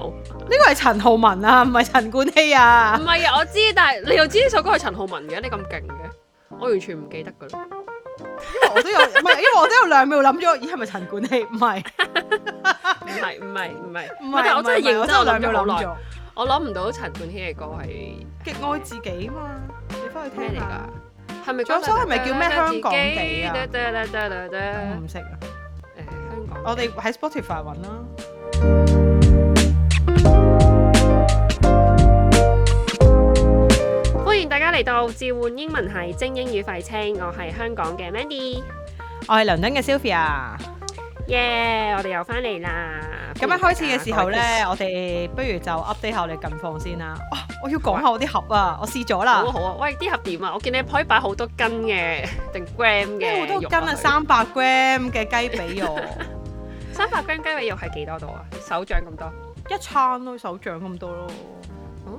呢個係陳浩文啊，唔係陳冠希啊？唔係啊，我知，但係你又知呢首歌係陳浩文嘅，你咁勁嘅，我完全唔記得噶啦。因為我都有，唔係，因為我都有兩秒諗咗，咦，係咪陳冠希？唔係，唔係，唔係，唔係，我真係認真兩秒諗咗，我諗唔到陳冠希嘅歌係極愛自己嘛？你翻去聽嚟噶，係咪？首係咪叫咩？香港地？得唔識啊。誒，香港，我哋喺 Spotify 搵啦。大家嚟到《召喚英文》，係精英與廢青。我係香港嘅 Mandy，我係倫敦嘅 Sylvia。耶、yeah！我哋又翻嚟啦。咁樣開始嘅時候咧，位我哋不如就 update 下我哋近況先啦。哇、哦！我要講下我啲盒啊，啊我試咗啦。好啊好啊。喂，啲盒點啊？我見你可以擺好多斤嘅，定 gram 嘅。好多斤啊！三百 gram 嘅雞髀肉，三百 gram 雞髀肉係幾多度啊？手掌咁多，一餐咯，手掌咁多咯。嗯、哦，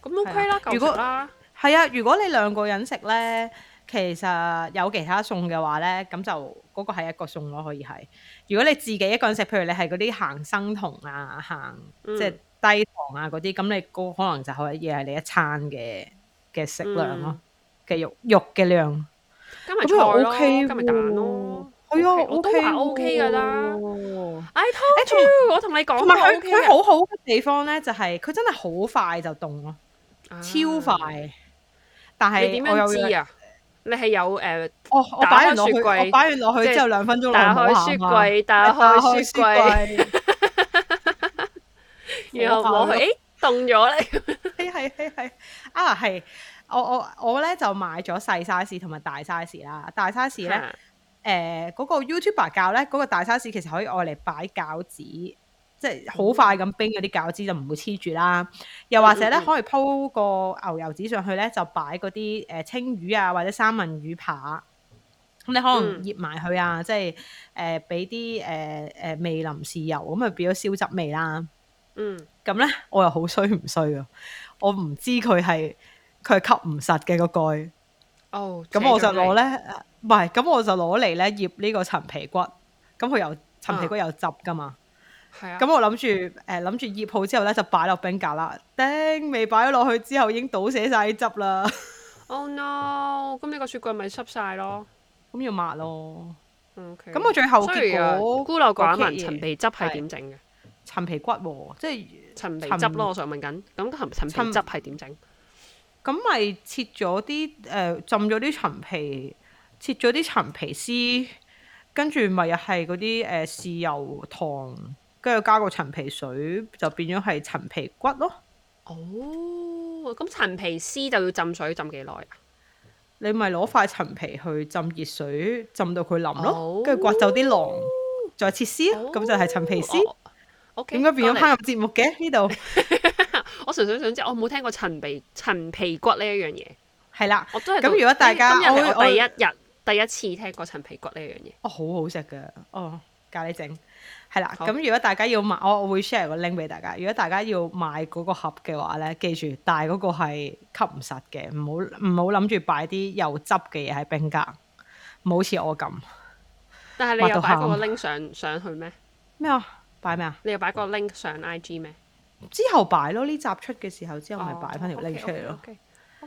咁 OK 啦，夠嗎啦。係啊，如果你兩個人食咧，其實有其他餸嘅話咧，咁就嗰個係一個餸咯，可以係。如果你自己一個人食，譬如你係嗰啲行生酮啊、行即係低糖啊嗰啲，咁你嗰可能就係亦係你一餐嘅嘅食量咯、啊，嘅、嗯、肉肉嘅量。加埋菜咯，加埋蛋咯，係啊，O K O K 㗎啦。我同你講，佢好好嘅地方咧、就係，就係佢真係好快就凍咯，超快。啊。但係你點樣知啊？你係有誒、呃，我雪我擺完落去，擺完落去即係兩分鐘、啊打櫃。打開雪櫃，打開雪櫃，然後摸佢，凍咗咧。係係係係啊，係我我我咧就買咗細 size 同埋大 size 啦、 啊。大 size 咧，誒、那、嗰個 YouTuber 教咧，嗰、那個大 size 其實可以攞嚟擺餃子。即係好快咁冰嗰啲餃子就唔會黐住啦。又或者咧，可以鋪個牛油紙上去咧，就擺嗰啲誒青魚啊，或者三文魚扒。咁你可能醃埋佢啊，嗯、即係誒俾啲誒誒味淋豉油，咁咪變咗燒汁味啦。嗯，咁咧我又好衰唔衰啊？我唔知佢係佢係吸唔實嘅個蓋。哦，咁我就攞咧，唔係，咁我就攞嚟咧醃呢個陳皮骨。咁佢又陳皮骨又汁噶嘛。嗯。咁、啊、我諗住誒諗住醃好之後咧就擺落冰格啦，叮，未擺咗落去之後已經倒瀉晒啲汁啦。Oh no！咁呢個雪櫃咪濕晒咯。咁 要抹咯吧。O Okay . K、啊。咁我最後結果孤陋寡聞，OK，陳皮汁係點整嘅？陳皮骨即係陳皮汁咯。我想問緊，咁陳皮汁係點整？咁咪切咗啲誒浸咗啲陳皮，切咗啲陳皮絲，跟住咪又係嗰啲誒豉油糖。糖跟住加個陳皮水，就變咗係陳皮骨咯。哦，咁陳皮絲就要浸水浸幾耐啊？你咪攞塊陳皮去浸熱水，浸到佢腍咯，跟住、哦、刮走啲狼，再切絲，咁、哦、就係陳皮絲。點解、哦 okay, 變咗烹飪節目嘅呢度？過來 我純粹想知，我冇聽過陳皮陳皮骨呢一樣嘢。係啦，我都係。咁、嗯、如果大家、哎、我第一日第一次聽過陳皮骨呢樣嘢，哦，好好食噶，哦教你整。 係啦，咁好如果大家要買，我會 share 個 link 俾大家。如果大家要買嗰個盒嘅話咧，記住，住但係嗰個係吸唔實嘅，唔好唔好諗住擺啲油汁嘅嘢喺冰格，唔好似我咁。但係你有擺個 link 上上去咩？咩啊？擺咩啊？你有擺個 link 上 IG 咩？之後擺咯，呢集出嘅時候之後咪擺翻條 link 出嚟咯。Okay, okay, okay.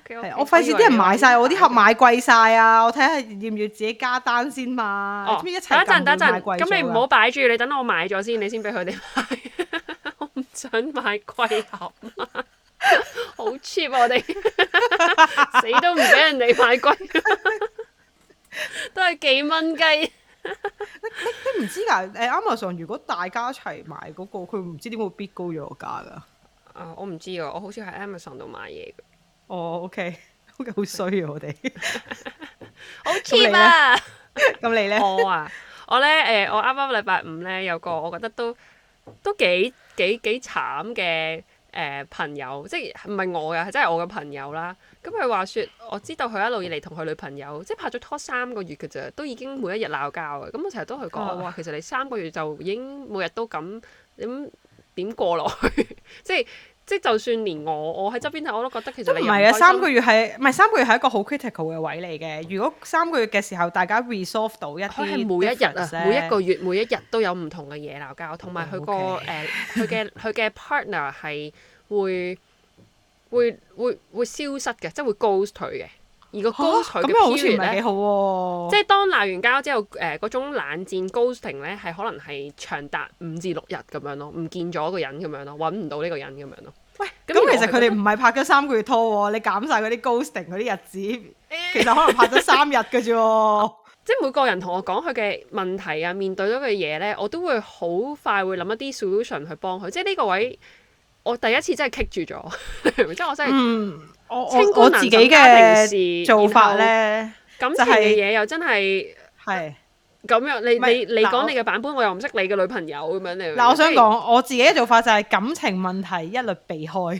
Okay, okay. 我費事啲人買晒，我啲盒買貴晒啊！我睇下要唔要自己加單先嘛？哦，等一陣，等陣，咁你唔好擺住，你等我買咗先，你先俾佢哋買。 我唔想買貴盒 啊！好 cheap，我哋死都唔俾人哋買貴。 都係幾蚊雞。 你你唔知噶、啊？誒，Amazon 如果大家一齊買嗰、那個，佢唔知點會 bid 高咗價噶？啊，我唔知啊，我好似喺 Amazon 度買嘢哦、oh，OK，okay 好夠衰啊！我哋好 team 啊！咁你咧？我啊，我咧，誒、呃，我啱啱禮拜五咧有個，我覺得都都幾幾幾慘嘅誒、呃、朋友，即係唔係我嘅，即真係我嘅朋友啦。咁、嗯、佢話説，我知道佢一路以嚟同佢女朋友，即係拍咗拖三個月嘅啫，都已經每一日鬧交嘅。咁我成日都係講，oh。哇，其實你三個月就已經每日都咁咁點過落去， 即係。即係就算連我，我喺側邊睇我都覺得其實都唔係啊！三個月係唔係，三個月係一個好 critical 嘅位嚟嘅。如果三個月嘅時候大家 resolve 到一啲，每一日啊，呢每一個月每一日都有唔同嘅嘢鬧交，同埋佢個誒佢嘅佢嘅 partner 係會 會會會，會消失嘅，即係會 ghost 佢嘅。而個高咁嘅 period 咧，per 啊、即係當鬧完交之後，誒、呃、嗰種冷戰高 h o 咧，係可能係長達五至六日咁樣咯，唔見咗個人咁樣咯，揾唔到呢個人咁樣咯。喂，咁其實佢哋唔係拍咗三個月拖喎、啊，嗯、你減晒嗰啲高 h o 啲日子，其實可能拍咗三日嘅啫。 即係每個人同我講佢嘅問題啊，面對咗嘅嘢咧，我都會好快會諗一啲 solution 去幫佢。即係呢個位，我第一次真係棘住咗， 即係我真係、嗯。我我自己嘅做法咧，感情嘅嘢又真係係咁樣。你但你你講你嘅版本，我，我又唔識你嘅女朋友咁樣。嗱，我想講 Okay. 我自己嘅做法就係感情問題一律避開。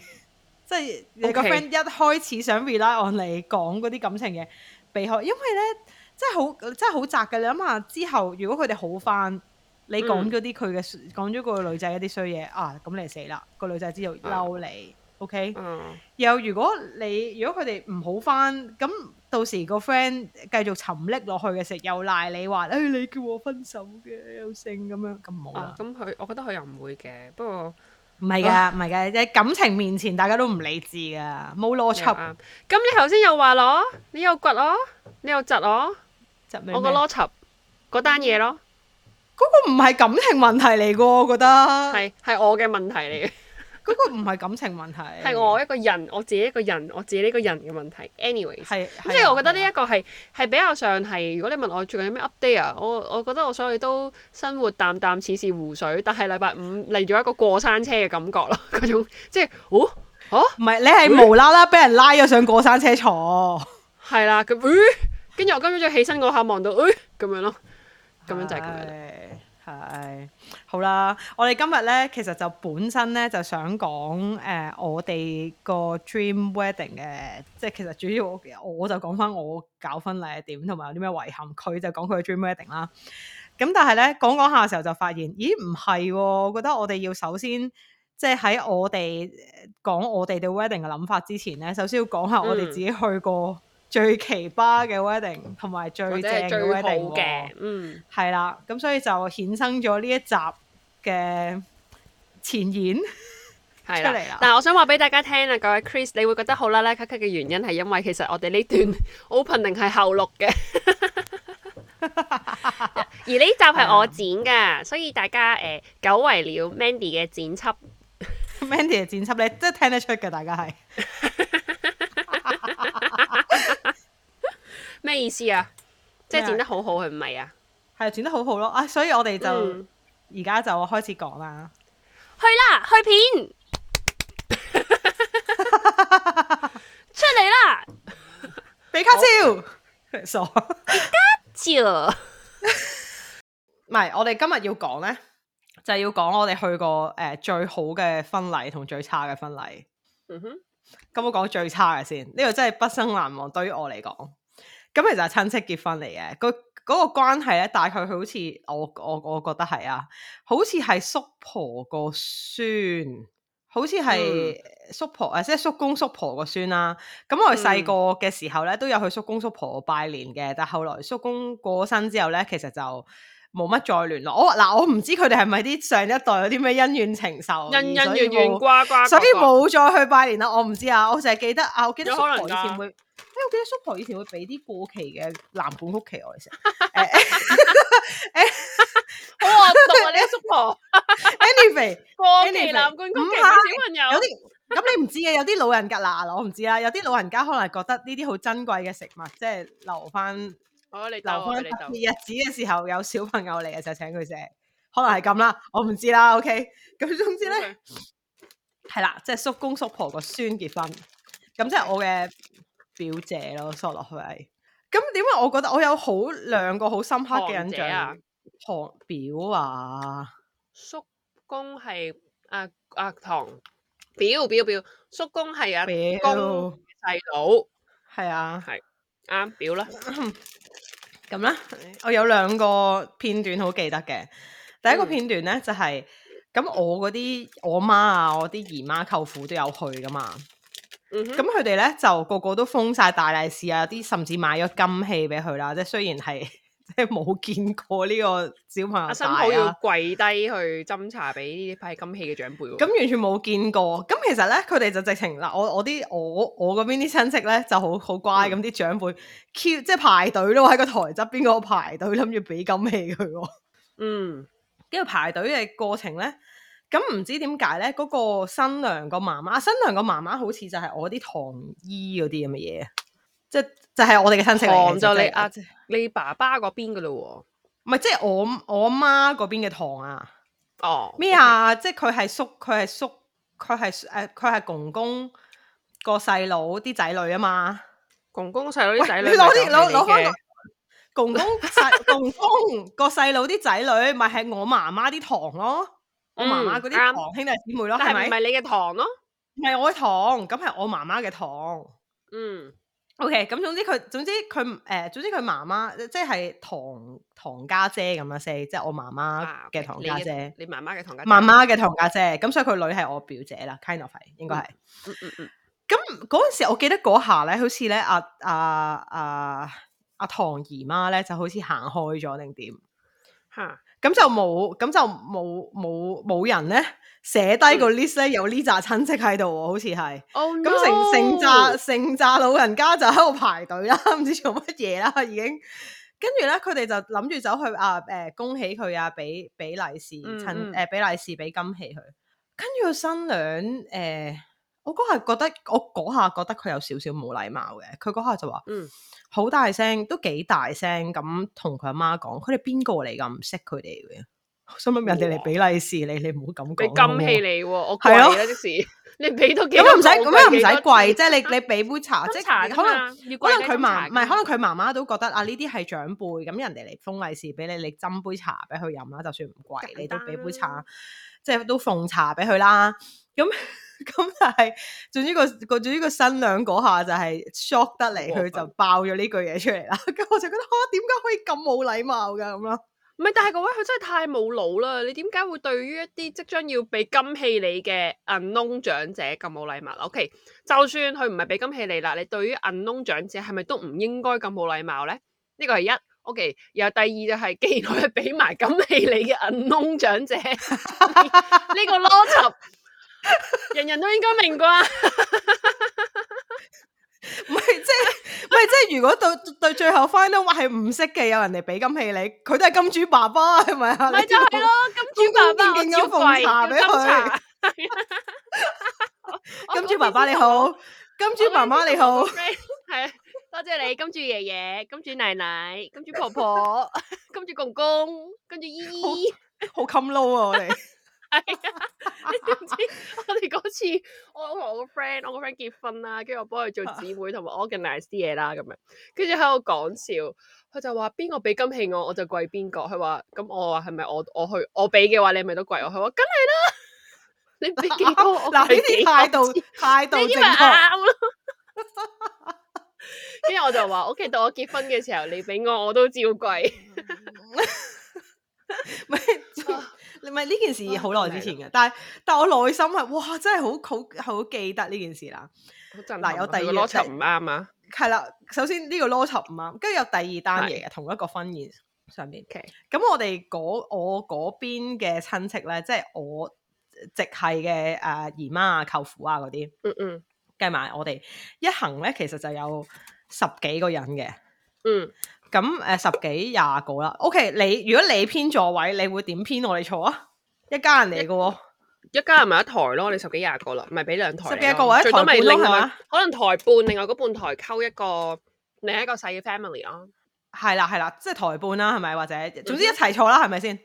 即 係你個 friend 一開始想 rely on 你講嗰啲感情嘢避開，因為咧真係好真係好窄嘅。你諗下之後，如果佢哋好返，你講嗰啲佢嘅講咗個女仔一啲衰嘢啊，咁你死啦！個女仔知道嬲你。嗯 OK，嗯、又如果你如果佢哋唔好返，咁到時個 friend 繼續沉溺落去嘅時候又，又賴你話誒，你叫我分手嘅，又剩咁樣，咁唔好咁佢，我覺得佢又唔會嘅，不過唔係噶，唔係噶，喺、啊、感情面前，大家都唔理智噶，冇邏輯。咁你頭先又話咯，你又掘我，你又窒我，我個邏輯嗰單嘢咯，嗰個唔係感情問題嚟噶，我覺得係係我嘅問題嚟。嗰個唔係感情問題，係我一個人，我自己一個人，我自己呢個人嘅問題。Anyways，即係我覺得呢一個係係比較上係，如果你問我最近有咩 update 啊，我我覺得我所有嘢都生活淡淡似是湖水，但係禮拜五嚟咗一個過山車嘅感覺咯，嗰種即係，哦，嚇，唔係你係無啦啦俾人拉咗上過山車坐，係啦，跟住我今朝早起身嗰下望到，誒，咁樣咯，咁樣就係咁樣，係。好啦，我哋今日咧，其實就本身咧就想講誒、呃，我哋個 dream wedding 嘅，即係其實主要我，我就講翻我搞婚禮係點，同埋有啲咩遺憾。佢就講佢嘅 dream wedding 啦。咁但係咧講講下嘅時候就發現，咦唔係喎，我覺得我哋要首先即係喺我哋講我哋嘅 wedding 嘅諗法之前咧，首先要講下我哋自己去過、嗯，最奇葩嘅 wedding 同埋最正嘅 wedding 嘅，嗯，係啦，咁所以就衍生咗呢一集嘅前言，係出嚟啦，但係我想話俾大家聽啊，各位 Chris，你會覺得好拉拉咳咳嘅原因係因為其實我哋呢段 opening 係後錄嘅，而呢集係我剪噶， 所以大家誒、呃、久違了 Mandy 嘅剪輯 Mandy 嘅剪輯咧，真係聽得出嘅，大家係。 咩意思啊？即係剪得好好，佢唔係啊？係剪得好好咯啊！所以我哋就而家就開始講啦、嗯。去啦，去片， 出嚟啦，比卡超，傻卡超。唔係，我哋今日要講咧，就係、是、要講我哋去過誒、呃、最好嘅婚禮同最差嘅婚禮。嗯哼，咁、嗯、我講最差嘅先，呢個真係畢生難忘，對於我嚟講。咁其實係親戚結婚嚟嘅，嗰、嗰個關係咧，大概好似我我我覺得係啊，好似係叔婆個孫，好似係叔婆，誒、嗯、即係叔公叔婆個孫啦。咁我哋細個嘅時候咧，都有去叔公叔婆拜年嘅，嗯、但係後來叔公過身之後咧，其實就。冇乜再聯絡，我嗱我唔知佢哋係咪啲上一代嗰啲咩恩怨情仇，恩恩怨怨呱呱，所以冇再去拜年啦。我唔知啊，我淨係記得啊，我記得叔婆以前會，哎，我記得叔婆以前會俾啲過期嘅藍罐曲奇我哋食。誒，好核突啊你叔婆，Anyway 俾過期藍罐曲奇小朋友，有啲咁你唔知嘅，有啲老人家嗱我唔知啦，有啲老人家可能覺得呢啲好珍貴嘅食物，即係留翻。哦、你我你留返特日子嘅時候，有小朋友嚟嘅就請佢食，可能係咁啦，我唔知啦，OK。咁總之咧，係 Okay. 啦，即、就、係、是、叔公叔婆個孫結婚，咁即係我嘅表姐咯，縮落去。咁點解我覺得我有好兩個好深刻嘅印象啊？堂表啊，叔公係阿阿堂表表表，叔公係阿表公細佬，係啊，係啱表啦。 咁咧，我有兩個片段好記得嘅。第一個片段咧、嗯、就係、是、咁，我嗰啲我媽啊，我啲姨媽舅父都有去噶嘛。咁佢哋咧就個個都封晒大利是啊，啲甚至買咗金器俾佢啦。即係雖然係。 即冇見過呢個小朋友啊！新抱、啊、要跪低去斟茶俾呢啲派金器嘅長輩喎、啊。咁 完全冇見過。咁其實咧，佢哋就直情嗱，我我啲我我嗰邊啲親戚咧就好好乖，咁啲、嗯、長輩 k 即係排隊咯，喺個台側邊嗰，排隊諗住俾金器佢喎、啊。嗯，跟住排隊嘅過程咧，咁唔知點解咧，嗰、那個新娘個媽媽，新娘個媽媽好似就係我啲堂姨嗰啲咁嘅嘢。即係就係我哋嘅親戚嚟嘅，就你阿你爸爸嗰邊噶咯，唔係即係我我阿媽嗰邊嘅堂啊。哦，咩啊？即係佢係叔，佢係叔，佢係誒，佢係公公個細佬啲仔女啊嘛。公公細佬啲仔女，你攞啲攞攞開個公公細公公個細佬啲仔女，咪係我媽媽啲堂咯，我媽媽嗰啲堂兄弟姊妹咯，係咪？唔係你嘅堂咯，唔係我嘅堂，咁係我媽媽嘅堂。嗯。O K，咁總之佢，總之佢，誒、呃、總之佢媽媽，即係堂堂家姐咁樣 say，即係我媽媽嘅堂家姐、啊 okay。你，你媽媽嘅堂家，姐，媽媽嘅堂家姐，咁、嗯、所以佢女係我表姐啦，kind of，應該係、嗯。嗯咁嗰陣時，我記得嗰下咧，好似咧，阿阿阿阿堂姨媽咧，就好似行開咗定點嚇。咁就冇，咁就冇冇冇人咧，寫低個 list 咧有呢紮親戚喺度喎，好似係，咁、oh, no. 成成紮成紮老人家就喺度排隊啦，唔知做乜嘢啦已經。跟住咧佢哋就諗住走去啊誒、呃，恭喜佢啊，俾俾利是，趁誒俾利是俾金器佢，跟住個新娘誒。呃我嗰下覺得，我嗰下覺得佢有少少冇禮貌嘅。佢嗰下就話，嗯，好大聲，都幾大聲咁同佢阿媽講，佢哋邊個嚟㗎？唔識佢哋嘅，所以問人哋嚟俾利是你，你唔好咁講咩？咁氣你，我係咯，啲事你俾都咁又唔使，咁又唔使貴，即係你你俾杯茶，即係可能可能佢媽咪，可能佢媽媽都覺得啊呢啲係長輩，咁人哋嚟封利是俾你，你斟杯茶俾佢飲啦，就算唔貴，你都俾杯茶，即係都奉茶俾佢啦，咁。咁但係，總之個、總之個新娘嗰下就係 shock 得嚟，佢就爆咗呢句嘢出嚟啦。咁 我就覺得，哇、啊，點解可以咁冇禮貌噶？咁咯，唔係，但係嗰位佢真係太冇腦啦！你點解會對於一啲即將要俾金器你嘅銀窿長者咁冇禮貌？O、okay, K，就算佢唔係俾金器你啦，你對於銀窿長者係咪都唔應該咁冇禮貌咧？呢個係一 O、okay, K，然後第二就係、是，既然佢俾埋金器你嘅銀窿長者，呢個邏輯。人人都應該明啩，唔係即係，唔係即係，如果到到最後 final 話係唔識嘅，有人嚟俾金器你，佢都係金主爸爸係咪啊？咪就係咯，金主爸爸，金主爸爸，金主爸爸你好，金主爸爸你好，係多謝你，金主爺爺，金主奶奶，金主婆婆，金主公公，金主姨姨，好襟撈啊我哋。係 啊！你知唔知我哋嗰次我同我個 friend，我個 friend 結婚啦，跟住我幫佢做姊妹同埋 organize 啲嘢啦，咁樣跟住喺度講笑，佢就話邊個俾金器我，我就跪邊個。佢話咁我話係咪我我去我俾嘅話你係咪，你咪都跪我。佢話梗係啦， 你俾幾多？嗱，你啲態度態度正確。跟 住我就話，我期待我結婚嘅時候，你俾我我都照跪。咪。 你咪呢件事好耐之前嘅，嗯、但係但係我內心係哇，真係好好好記得呢件事啦。嗱，有第二個邏輯唔啱啊。係啦，首先呢個邏輯唔啱，跟住有第二單嘢是同一個婚宴上面。咁 Okay. 我哋嗰我嗰邊嘅親戚咧，即係我直係嘅啊姨媽啊舅父啊嗰啲。嗯嗯。計埋我哋一行咧，其實就有十幾個人嘅。嗯。咁誒、嗯、十幾廿個啦，OK 你。你如果你編座位，你會點編我哋坐啊？一家人嚟嘅喎，一家人咪一台咯。你十幾廿個啦，咪俾兩台。十幾個位，最多咪另咪？可能台半，嗎另外嗰半台溝一個，另一個細嘅 family 咯。係啦，係啦，即、就、係、是、台半啦、啊，係咪？或者總之一齊坐啦，係咪先？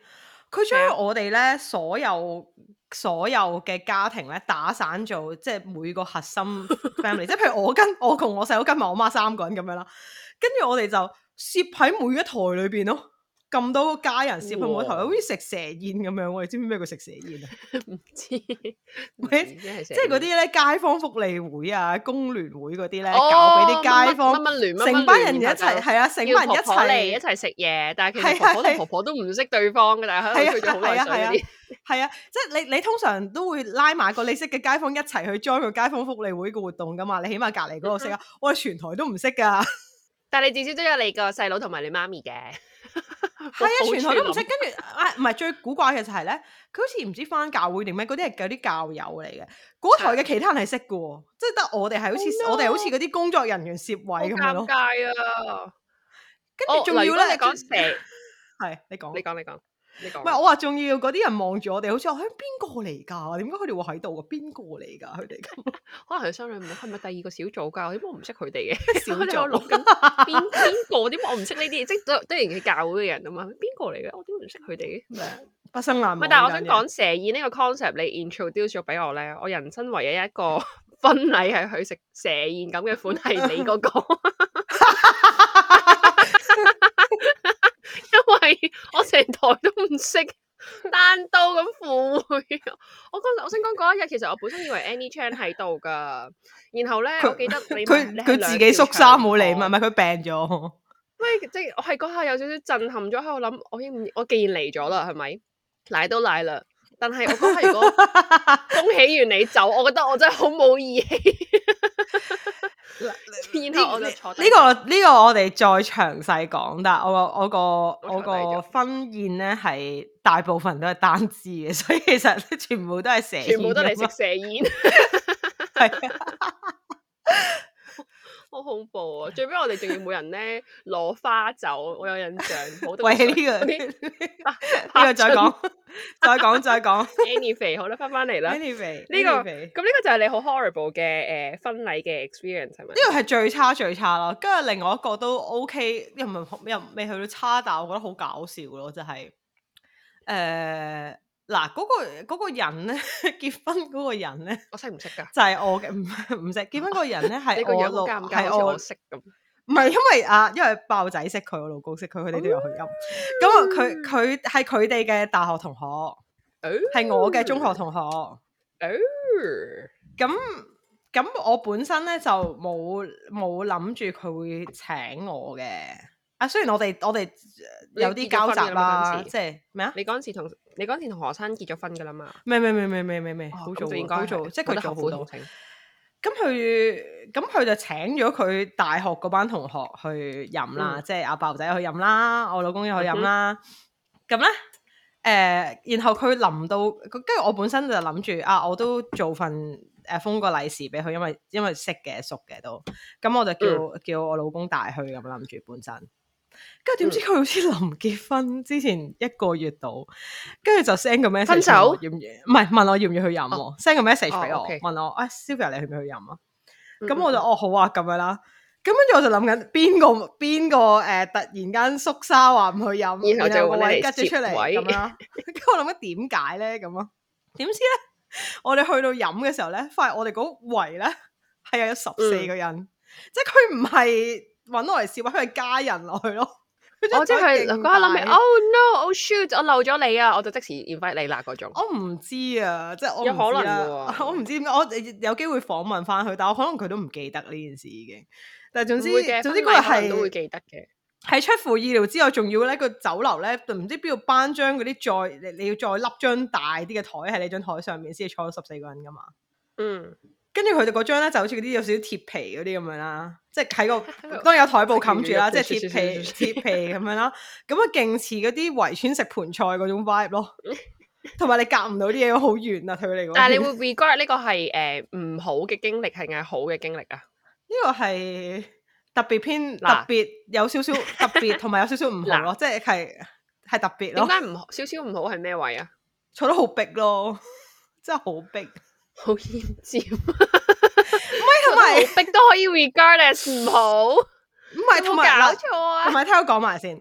佢將、嗯、我哋咧所有所有嘅家庭咧打散做，即、就、係、是、每個核心 family，即係譬如我跟我同我細佬跟埋我媽，媽三個人咁樣啦，跟住我哋就。 攝喺每一台裏邊咯，咁多個家人攝喺每一台，好似食蛇宴咁樣。我哋知唔知咩叫食蛇宴啊？唔知，咩？即係嗰啲咧，街坊福利會啊，工聯會嗰啲咧，搞俾啲街坊，成班人一齊，係啊，成班人一齊嚟，一齊食嘢。但係其實婆婆婆婆都唔識對方嘅，但係喺度吹咗好耐水嗰啲。係啊，即係你你通常都會拉埋個你識嘅街坊一齊去 join 個街坊福利會嘅活動噶嘛？你起碼隔籬嗰個識啊，我哋全台都唔識噶。但係你至少你弟弟你媽媽都有你個細佬同埋你媽咪嘅，係啊，全台都唔識。跟住啊，唔、哎、係最古怪嘅就係、是、咧，佢好似唔知返教會定咩，嗰啲係嗰啲教友嚟嘅。嗰的台嘅其他人係識嘅，即係得我哋係好似、oh、no. 我哋好似嗰啲工作人員攝位咁樣咯。尷尬啊！跟住仲要咧，你講係你講，你講，你講。唔係，你我話仲要嗰啲人望住我哋，好似話，哎邊個嚟噶？點解佢哋會喺度噶？邊個嚟噶？佢哋咁，可能心裏唔好，係咪第二個小組噶、啊？點解我唔識佢哋嘅小組？邊邊個？點解我唔識呢啲？即係當然係教會嘅人啊嘛。邊個嚟嘅？我點解唔識佢哋？咩啊？ 畢生難忘。但係我想講蛇宴呢個 concept， 你 introduce 咗俾我咧，我人生唯一一個婚禮係去食蛇宴咁嘅款，係你嗰個。喂，我成台都唔識單刀咁赴會，我嗰陣我先講嗰一日，其實我本身以為 Annie Chan 喺度噶，然後咧她我記得佢佢她自己縮沙冇嚟，唔係佢病咗。喂，即、就、係、是、我係嗰下有少少震撼咗，喺度諗，我應我，我既然嚟咗啦，係咪？賴都賴啦，但係我覺得如果 恭喜完你走，我覺得我真係好冇義氣。 呢呢、這個呢、這個我哋再詳細講，但係我，我個我個我個婚宴咧係大部分都係單支嘅，所以其實全部都係蛇，全部都係食蛇宴，係啊，好恐怖啊！最尾我哋仲要每人咧攞花酒，我有印象，喂呢個呢 拍 個再講。 再講再講 a n n 肥，anyway, 好啦，翻翻嚟啦，annie 肥，呢 Anyway, 這個咁呢 Anyway. 個就係你好 horrible 嘅誒婚禮嘅 experience 係咪？呢個係最差最差咯，跟住另外一個都 ok，又唔係又未去到差，但係我覺得好搞笑咯，就係誒嗱，嗰個、嗰個人咧結婚嗰個人咧，我識唔識噶？就係我嘅唔唔識結婚嗰個人咧係 我老係 我，我識咁。唔係，因為啊，因為豹仔識佢，我老公識佢，佢哋都有去音。咁佢佢係佢哋嘅大學同學，係我嘅中學同學。咁咁，我本身咧就冇冇諗住佢會請我嘅。啊，雖然我哋我哋有啲交集啦，即係咩啊？你嗰陣時同你陣時同何生結咗婚噶啦嘛？咩咩咩咩咩咩咩，好早好早，即係佢做好多。咁佢咁佢就請咗佢大學嗰班同學去飲啦，嗯、即係阿爆仔去飲啦，我老公又去飲啦。咁咧誒，然後佢臨到，跟住我本身就諗住啊，我都做份誒、呃、封個利是俾佢，因為因為識嘅熟嘅都，咁我就叫、嗯、叫我老公帶佢去咁諗住本身。跟住點知佢好似臨結婚之前一個月度，跟住就 send 個 message，分手？要唔要？唔係問我要唔要去飲？send 個 message 俾我，問我啊，Sylvia 你去唔去飲啊？咁、mm hmm. 我就哦好啊，咁樣啦。咁跟住我就諗緊邊個邊個誒突然間縮沙話唔去飲， 然後就個位吉咗出嚟咁啦。跟住我諗緊點解咧？咁啊，點知咧？我哋去到飲嘅時候咧，發現我哋嗰圍咧係有十四個人，mm hmm. 即係佢唔係。揾我嚟試，或者佢家人落去咯。我、 哦、即係佢，佢諗起，Oh no! Oh shoot！我漏咗你啊，我就即時 invite 你啦嗰種。我唔知啊，即係我、啊、可能、啊、我唔知點解，我有機會訪問翻佢，但我可能佢都唔記得呢件事已經。但總之總之日係都會記得嘅。喺出乎意料之外，仲要咧個酒樓咧，唔知邊度搬張嗰啲再你你要再笠張大啲嘅台喺你張台上面先至坐咗十四個人噶嘛。嗯。跟住佢哋嗰張咧，就好似啲有少少鐵皮嗰啲咁樣啦，即係喺個 Hello. 當然有台布冚住啦，即係鐵皮鐵皮咁樣啦，咁啊勁似嗰啲圍村食盆菜嗰種 vibe 咯，同埋 你夾唔到啲嘢都好遠啊，佢哋嗰。但係你會 regard 呢個係誒唔好嘅經歷，係咪好嘅經歷啊？呢個係特別偏特別 有少少特別，同埋有少少唔好咯，即係係特別咯。點解唔好？少少唔好係咩位啊？坐得好逼咯，真係好逼。 好醃尖，唔係同埋，食都可以 regardless 唔好 、啊，唔係同埋，搞錯同埋聽我講埋先。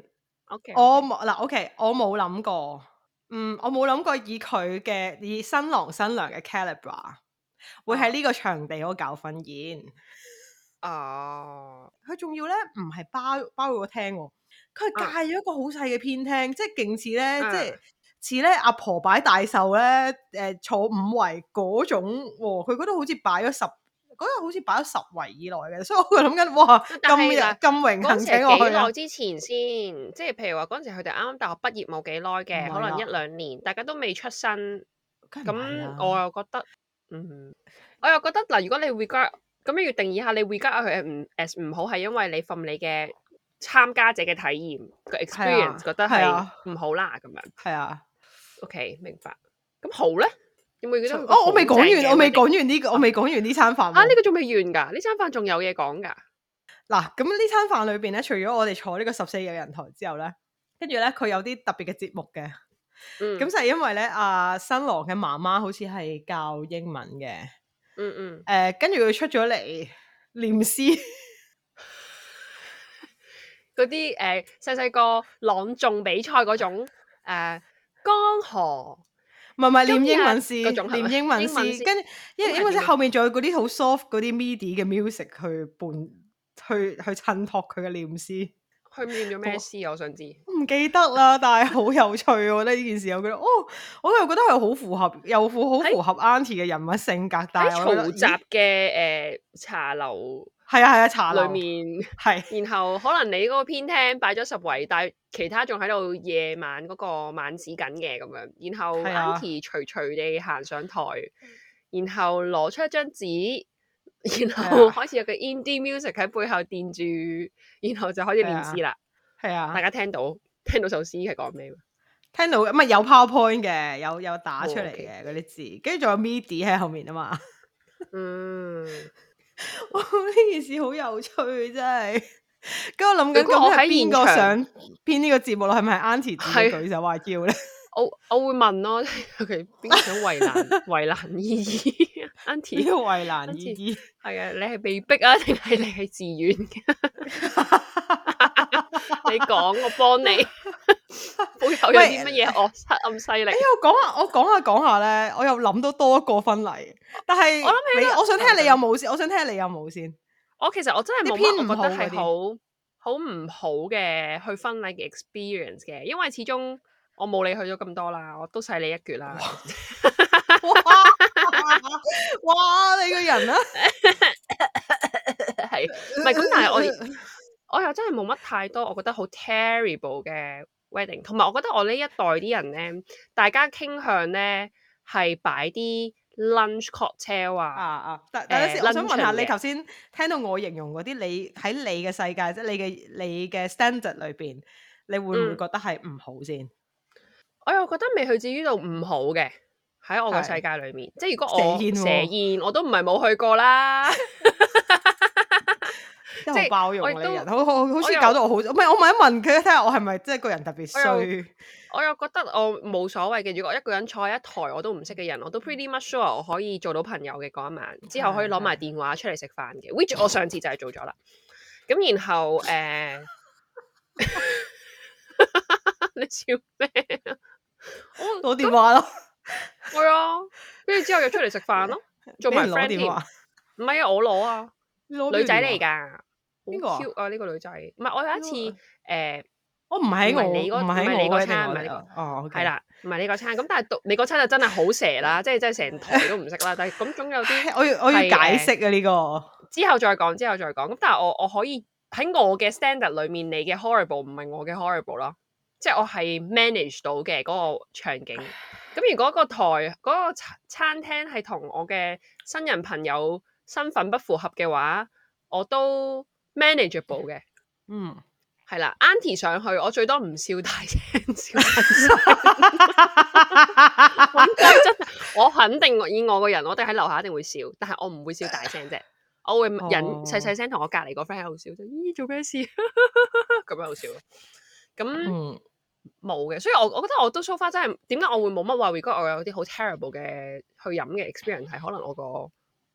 O Okay . K，我冇嗱，O K，我冇諗過，嗯，我冇諗過以佢嘅以新郎新娘嘅 calibre 會喺呢個場地嗰度搞婚宴。哦、uh. uh,，佢仲要咧，唔係包包咗個廳，佢係隔咗一個好細嘅偏廳，uh. 即係勁似咧，uh. 即係。似咧阿婆擺大壽咧，誒坐五圍嗰種，佢嗰度好似擺咗十，嗰好似擺咗十圍以內嘅，所以我覺得哇，咁咁榮幸請我幾耐之前先，即係譬如話嗰陣時佢哋啱啱大學畢業冇幾耐嘅，可能一兩年，大家都未出身。咁我又覺得，嗯，我又覺得嗱，如果你 r e g a r 要定義下你 r e g 佢唔 a 唔好，係因為你瞓你嘅參加者嘅體驗個 experience 覺得係唔好啦，咁樣係啊。O.K. 明白。咁好咧，有冇記得？哦，我未講完，我未講完呢個，我未講完呢餐飯。啊，這個、啊呢個仲未完噶，呢餐飯仲有嘢講噶。嗱，咁呢餐飯裏邊咧，除咗我哋坐呢個十四個人台之後咧，跟住咧佢有啲特別嘅節目嘅。咁就係因為咧，阿、啊、新郎嘅媽媽好似係教英文嘅。嗯嗯。誒、呃，跟住佢出咗嚟念詩、嗯嗯，嗰啲誒細細個朗誦比賽嗰種誒。呃江河，唔係唔係念英文詩，念英文詩，文詩跟着，住，因為因為之後面仲有嗰啲好 soft 嗰啲 midi 嘅 music 去伴，去去襯托佢嘅念詩。佢念咗咩詩？我想知。唔記得啦，但係好有趣， 我覺得呢件事，我覺得，哦，我又覺得係好符合，又符好符合 Aunty 嘅人物性格，在但喺嘈雜嘅誒咦茶樓。係啊，係啊，茶樓。裏面係。是然後可能你嗰個偏廳擺咗十圍，但其他仲喺度夜晚嗰個晚市緊嘅咁樣。然後、啊、Auntie 隨隨地行上台，然後攞出一張紙，然後開始有個 indie music 喺背後墊住，然後就開始念詩啦。係啊，啊大家聽到聽到首詩係講咩？聽到，唔係有 PowerPoint 嘅，有有打出嚟嘅嗰啲字，跟住仲有 MIDI 喺後面啊嘛。嗯。哇！呢 件事好有趣，真係。咁我諗緊咁係邊個想編呢個節目咯？係咪 Auntie u 點佢就話叫咧？是 我我會問咯，佢邊想為難為難依依？Auntie 為難依依？係、 哎、啊，是你係被逼啊，定係你係自願？你講，我幫你。背後有啲乜嘢？我咁犀利。哎我講下，我講下，講下咧，我又諗到多一個婚禮。但係我諗起，我想聽下你有冇先。我想聽下你有冇先。我其實我真係冇唔覺得係好好唔好嘅去婚禮嘅 experience 嘅，因為始終我冇你去咗咁多啦，我都細你一截啦。哇！哇！你個人啊，係咪咁？但係我。我又真係冇乜太多，我覺得好 terrible 嘅 wedding。同埋我覺得我呢一代啲人咧，大家傾向咧係擺啲 lunch cocktail 啊啊，啊！但、呃、我想問，問下你，頭先聽到我形容嗰啲，你喺你嘅世界即係你嘅你嘅 standard 裏邊，你會唔會覺得係唔好先、嗯？我又覺得未去至於到唔好嘅，喺我嘅世界裏面，是即係如果我蛇宴、啊、蛇宴、我都唔係冇去過啦。 即係包容嘅人，好好好似搞到我好，唔係我問一問佢，睇下我係咪即係個人特別衰。我又覺得我冇所謂嘅，如果一個人坐喺一台，我都唔識嘅人，我都 pretty much sure 我可以做到朋友嘅嗰一晚之後，可以攞埋電話出嚟食飯嘅。which 我上次就係做咗啦。咁然後誒，你笑咩啊？我唔攞電話咯，係啊。跟住之後又出嚟食飯咯，做埋 friend 唔係啊，我攞啊，女仔嚟噶。呢個啊？哦呢個女仔，唔係我有一次誒，我唔係我唔係你唔係你個餐唔係呢個，係啦唔係你個餐。咁但係讀你個餐就真係好蛇啦，即係即係成台都唔識啦。但係咁總有啲，我要我要解釋啊呢個之後再講之後再講。咁但係我我可以喺我嘅 standard 裏面，你嘅 horrible 唔係我嘅 horrible 咯，即係我係 manage 到嘅嗰個場景。咁如果個台嗰個餐廳係同我嘅新人朋友身份不符合嘅話，我都。manageable 嘅，Man 嗯，係啦，Aunty 上去，我最多唔笑大聲笑。， 真，我肯定以我個人，我哋喺樓下一定會笑，但係我唔會笑大聲啫，我會忍細細聲同我隔籬個 friend 好笑啫。咦、哦欸，做咩事？咁 樣好笑。咁冇嘅，所以我我覺得我都 so far 真係點解我會冇乜話？如果我有啲好 terrible 嘅去飲嘅 experience，係可能我，我個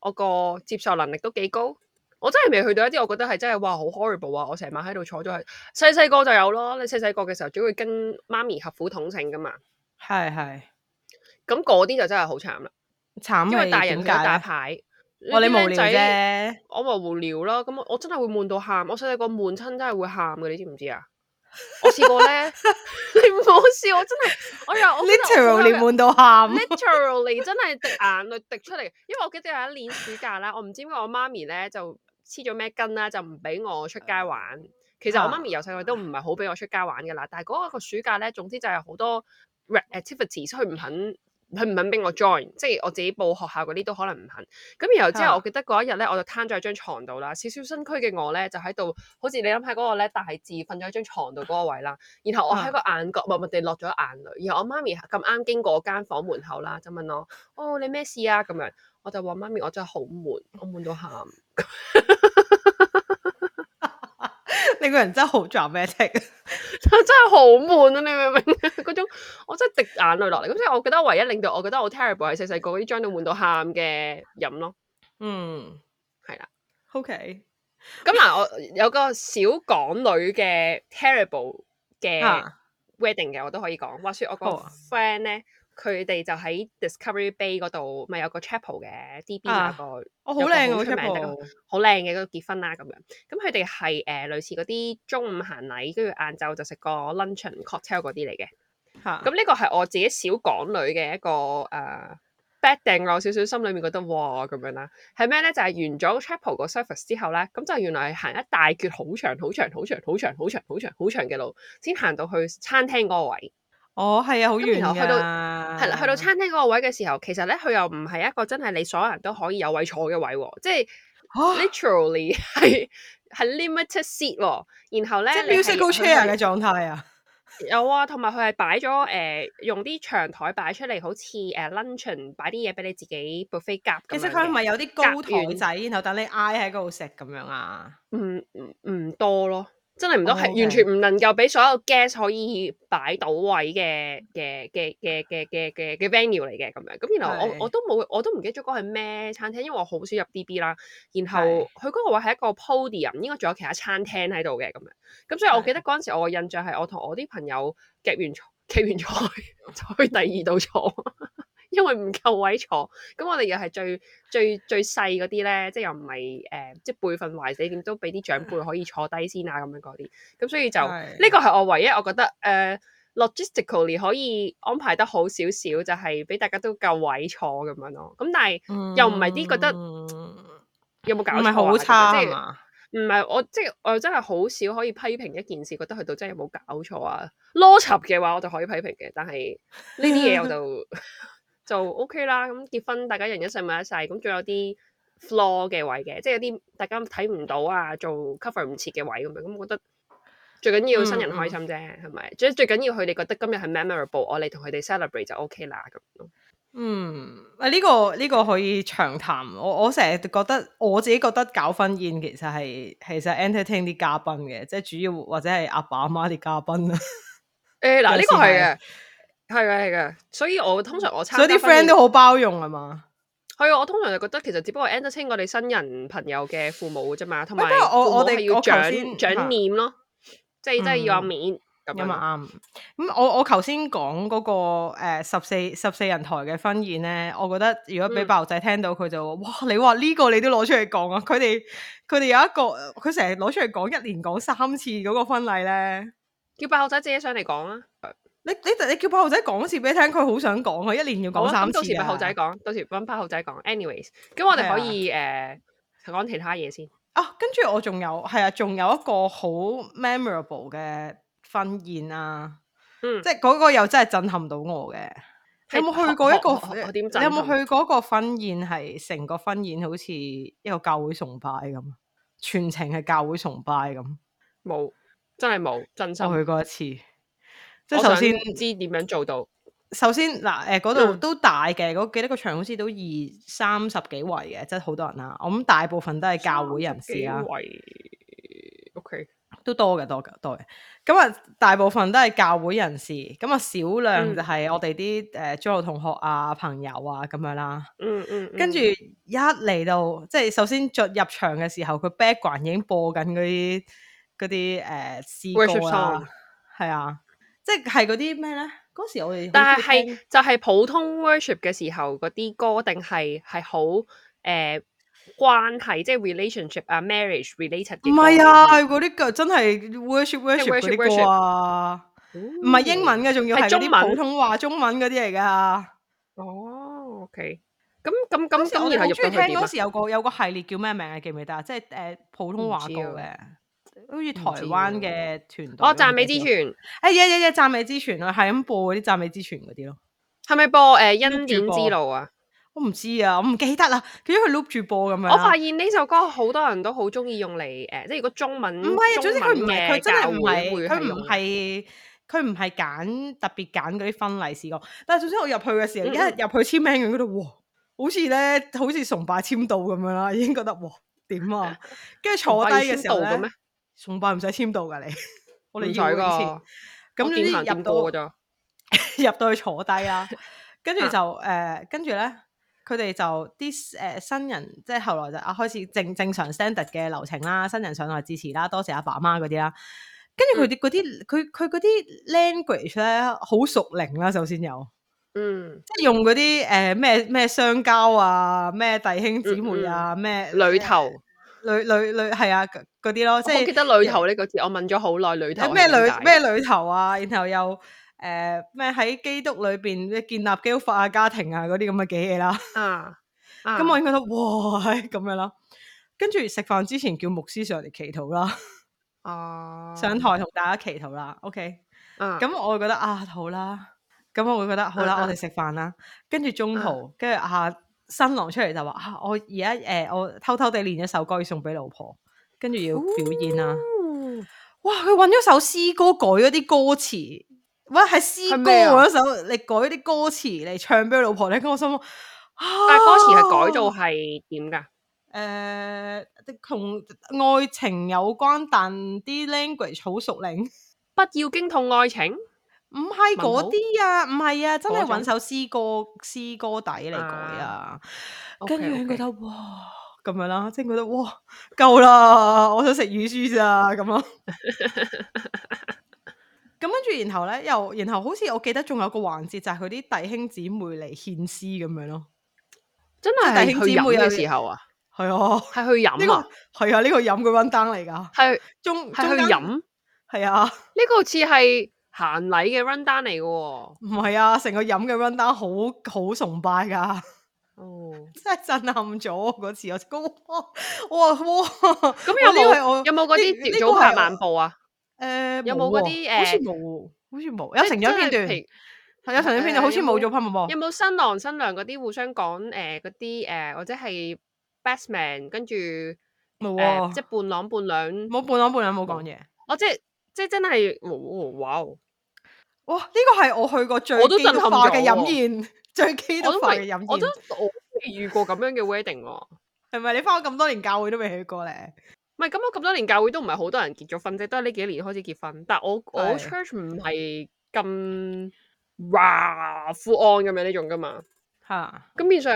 我個接受能力都幾高。我真係未去到一啲，我覺得係真係哇好 horrible 啊！我成晚喺度坐咗，喺細細個就有咯，你細細個嘅時候總會跟媽咪閤府統請噶嘛。係係，是，咁嗰啲就真係好慘啦，慘是。因為大人佢打牌，你無聊啫，啊、我咪無聊咯。咁我真係會悶到喊，我細細個悶親真係會喊嘅，你知唔知啊？ 我試過咧， 你唔好笑，我真係，我又，literally 你悶到喊，literally 真係 滴眼淚滴出嚟，因為我記得有一年暑假咧，我唔知點解我媽咪咧就。就黐咗咩筋啦？就唔俾我出街玩。其實我媽咪由細到大都唔係好俾我出街玩嘅啦。啊、但係嗰個暑假咧，總之就係好多 activities 所以唔肯，佢唔肯俾我 join。即係我自己報學校嗰啲都可能唔肯。咁然後之後，啊、我記得嗰一日咧，我就攤咗喺一張床度啦。小小身軀嘅我咧，就喺度好似你諗下嗰個咧大字瞓咗喺一張床度嗰個位啦。然後我喺個眼角，啊、默默哋落咗眼淚。然後我媽咪咁啱經過間房門口啦，就問我：哦、oh，你咩事啊？咁樣我就話媽咪，Mommy, 我真係好悶，我悶到喊。你個 人真係好 dramatic，真係好悶啊！你明唔明？嗰種我真係滴眼淚落嚟咁，所以 我覺得唯一令到我覺得好 terrible 係細細個嗰啲將到悶到喊嘅飲。咯。嗯，係啦。OK。咁嗱，我有個小港女嘅 terrible 嘅 wedding 嘅， 我都可以講。話說我個 friend 咧，佢哋就喺 Discovery Bay 嗰度，咪有個 Chapel 嘅 D.B. 嗰個，啊、個哦好靚嘅 Chapel 好靚嘅嗰個結婚啦、啊、咁樣。咁佢哋係誒類似嗰啲中午行禮，跟住晏晝就食個 lunch and cocktail 嗰啲嚟嘅。咁呢個係我自己小港女嘅一個誒 back 定，呃、我少少心裏面覺得哇咁樣啦。係咩咧？就係、是、完咗 Chapel 個 service 之後咧，咁就原來係行一大段好長、好長、好長、好長、好長、好長、好長嘅路，先行到去餐廳嗰位。哦，係、oh, 啊，好遠噶。係啦， 去到餐廳嗰個位嘅時候，其實咧佢又唔係一個真係你所有人都可以有位坐嘅位，即係尚 literally 係係 limited seat 然後咧，即係 musical chair 嘅狀態啊。有啊，同埋佢係擺咗誒，用啲長台擺出嚟，好似誒 luncheon 擺啲嘢俾你自己 buffet 夾。其實佢係咪有啲高堂仔，然後等你挨喺嗰度食咁樣啊？唔唔唔多咯。真係唔得，係、oh, okay. 完全唔能夠俾所有 guest 可以擺到位嘅嘅嘅嘅嘅嘅嘅嘅 venue 嚟嘅咁樣。咁然後我我都冇，我都唔記得咗嗰係咩餐廳，因為我好少入 DB 啦。然後佢嗰是個話係一個 podium，應該仲有其他餐廳喺度嘅咁樣。咁所以我記得嗰陣時，我嘅印象係我同我啲朋友夾完夾完菜， 就去第二度坐。 因為唔夠位坐，咁我哋又係最最最細嗰啲咧，即係又唔係誒，即係輩份壞死，點都俾啲長輩可以坐低先啊，咁 樣嗰啲，咁所以就呢 個係我唯一我覺得誒、呃、logistically 可以安排得好少少，就係、是、俾大家都夠位坐咁樣咯。咁但係又唔係啲覺得、嗯、有冇搞錯唔係好差啊？唔係我即係、就是、我真係好少可以批評一件事，覺得去到真係有冇搞錯啊？邏輯嘅話我就可以批評嘅，但係呢啲嘢我就。 就 OK 啦，咁結婚大家人一世物一世，咁仲有啲 floor 嘅位嘅，即係有啲大家睇唔到啊，做 cover 唔切嘅位咁樣，咁我覺得最緊要新人開心啫，係咪、嗯？最最緊要佢哋覺得今日係 memorable，我哋同佢哋 celebrate 就 OK 啦咁嗯，啊、呢、呢個呢、呢個可以長談，我我成日覺得我自己覺得搞婚宴其實係其實 entertain 啲嘉賓嘅，即係主要或者係阿爸阿媽啲嘉賓啊。誒 嗱、欸，呢 是個係啊。係嘅，係嘅，所以我通常我差所以啲 friend 都好包容啊嘛。係啊，我通常就覺得其實只不過 end up 清我哋新人朋友嘅父母啫嘛，同埋我我哋要長長面咯，嗯、即係真係要有面咁啊啱。咁、嗯嗯嗯嗯、我我頭先講嗰個誒十四十四人台嘅婚宴咧，我覺得如果俾白牛仔聽到佢就、嗯、哇，你話呢個你都攞出嚟講啊！佢哋佢哋有一個佢成日攞出嚟講，一年講三次嗰個婚禮咧，叫白牛仔自己上嚟講啊！你你你叫柏豪仔講一次俾佢聽，佢好想講啊！一年要講三次啊！咁、哦、到時柏豪仔講，到時温柏豪仔講。anyways，咁我哋可以誒講、啊呃、其他嘢先啊。跟住我仲有係啊，仲有一個好 memorable 嘅婚宴啊，嗯、即係嗰個又真係震撼到我嘅。你是有冇去過一個？點震？有冇去過一個婚宴？係成個婚宴好似一個教會崇拜咁，全程係教會崇拜咁。冇，真係冇，真心。真真真我去過一次。即係首先唔知點樣做到，首先嗱，誒嗰度都大嘅嗰幾多個場，好似都二三十幾位嘅，即係好多人啦。我諗大部分都係教會人士啦、啊，屋企、okay. 都多嘅，多嘅多嘅咁啊。大部分都係教會人士咁啊，少、嗯、量就係我哋啲誒中學同學啊、朋友啊咁樣啦、啊嗯。嗯嗯，跟住一嚟到即係首先入入場嘅時候，佢 background 已經播緊嗰啲嗰啲誒詩歌啊。Worship. 係啊。即係嗰啲咩咧？嗰時我哋但係係就係普通 worship 嘅時候嗰啲歌，定係係好誒關係，即係 relationship 啊，marriage related 嘅歌。唔係啊，嗰啲嘅真係 worship worship worship 佢歌啊，唔係、哦、英文嘅，仲要係中文。普通話、中文嗰啲嚟噶。哦，OK，咁咁咁咁你係中意聽嗰時有個有個系列叫咩名啊？記唔記得啊？即係誒普通話歌嘅。好似台灣嘅團隊，哦，讚、啊、美之泉，哎呀呀呀，讚美之泉咯，係咁播啲讚美之泉嗰啲咯，係咪播誒恩、呃、典之路啊？我唔知啊，我唔記得啦，點解佢 loop 住播咁樣？我發現呢首歌好多人都好中意用嚟誒、呃，即係如果中文，唔係啊，總之佢唔係佢真係唔係，佢唔係佢唔係揀特別揀嗰啲婚禮詩歌，但係總之我入去嘅時候，一入、嗯、去簽名嗰度，哇，好似咧，好似崇拜簽到咁樣啦，已經覺得哇點啊，跟住 坐低嘅時候咧。 崇拜唔使簽到噶你， 我哋唔使噶，咁點行入到行 入到去坐低啊？ 跟住就誒、啊呃，跟住咧，佢哋就啲誒新人，即係後來就啊開始正正常 standard 嘅流程啦，新人上嚟支持啦，多謝阿爸，爸媽嗰啲啦。跟住佢哋嗰啲佢佢嗰啲 language 咧，好熟齡啦，首先有，嗯，即係用嗰啲誒咩咩相交啊，咩弟兄姊妹啊，咩裡頭。嗯女女女係啊嗰啲咯，即係。我記得女頭呢個字，為我問咗好耐女頭。咩女咩女頭啊？然後又誒咩喺基督裏邊，即建立基督化家庭啊嗰啲咁嘅記憶啦啊。啊，咁、嗯、我應該都哇咁、啊、樣咯。跟住食飯之前叫牧師上嚟祈禱啦。哦、啊。上台同大家祈禱啦。啊、o、OK、K。嗯。咁、嗯嗯、我會覺得啊好，得好啦，咁我會覺得好啦，我哋食飯啦。跟住中途跟住啊。新郎出嚟就話啊，我而家誒，我偷偷地練一首歌要送俾老婆，跟住要表演啦、哦。哇，佢揾咗首詩歌改咗啲歌詞，喂，係詩歌嗰首，你改咗啲歌詞嚟唱俾老婆聽，我心諗、啊、但係歌詞係改到係點噶？誒、呃，同愛情有關，但啲 language 好熟齡，不要驚痛愛情。唔係嗰啲啊，唔係啊，真係揾首詩歌詩歌底嚟改啊。跟住佢覺得哇，咁樣啦，即係覺得哇，夠啦，我想食魚翅咋咁咯。咁跟住然後呢，又然，然後好似我記得仲有個環節就係佢啲弟兄姊妹嚟獻詩咁樣咯、啊。真係的弟兄姊妹嘅時候啊，係啊，係去飲啊，係、這個、啊，呢、這個飲嘅 o n 嚟噶，係去中係去飲，係啊，呢個好似係。行禮嘅 run down 嚟嘅，唔係啊！成個飲嘅 run down，好好崇拜噶，哦，真係震撼咗嗰次，我我我話哇，咁有冇有冇嗰啲早拍晚播啊？誒，有冇嗰啲誒？好似冇，好似冇，有成長片段，有成長片段，好似冇咗。泡有冇新郎新娘嗰啲互相講誒嗰啲誒，或者係 best man 跟住冇，即係伴郎伴娘冇伴郎伴娘冇講嘢，我即係。即係真係，哇！哇！呢個係我去過最基督化嘅飲宴，我飲最基督化嘅飲宴。我都我未遇過咁樣嘅 wedding 喎。係咪 你翻咗咁多年教會都未去過咧？唔係咁，我咁多年教會都唔係好多人結咗婚啫，都係呢幾年開始結婚。但係我是我 church 唔係咁哇富安咁樣呢種噶嘛。吓咁變相，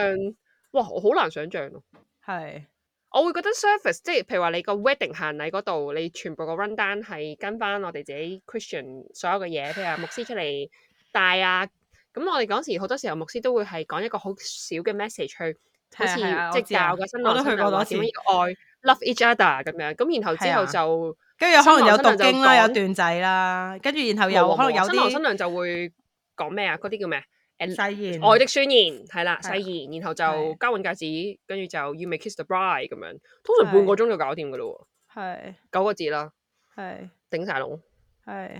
哇！我好、嗯啊、難想象咯、啊。係。我會覺得 s u r f a c e 即係譬如話你個 wedding 限禮嗰度，你全部個 run 單係跟翻我哋自己 Christian 所有嘅嘢，譬如話牧師出嚟帶啊，咁我哋嗰時好多時候牧師都會係講一個好少嘅 message 去，好似即教個新郎去娘點樣要愛 love each other 咁樣，咁然後之後就跟住、啊、有可能有讀經啦，有段仔啦，跟住然後有，有可能有，有新郎新娘就會講咩啊，嗰啲叫咩？誓言，愛的宣言，係啦誓言，然後就交換戒指，跟住就 you may kiss the bride 咁樣，通常半個鐘就搞掂噶咯，係九個字啦，係頂晒籠。係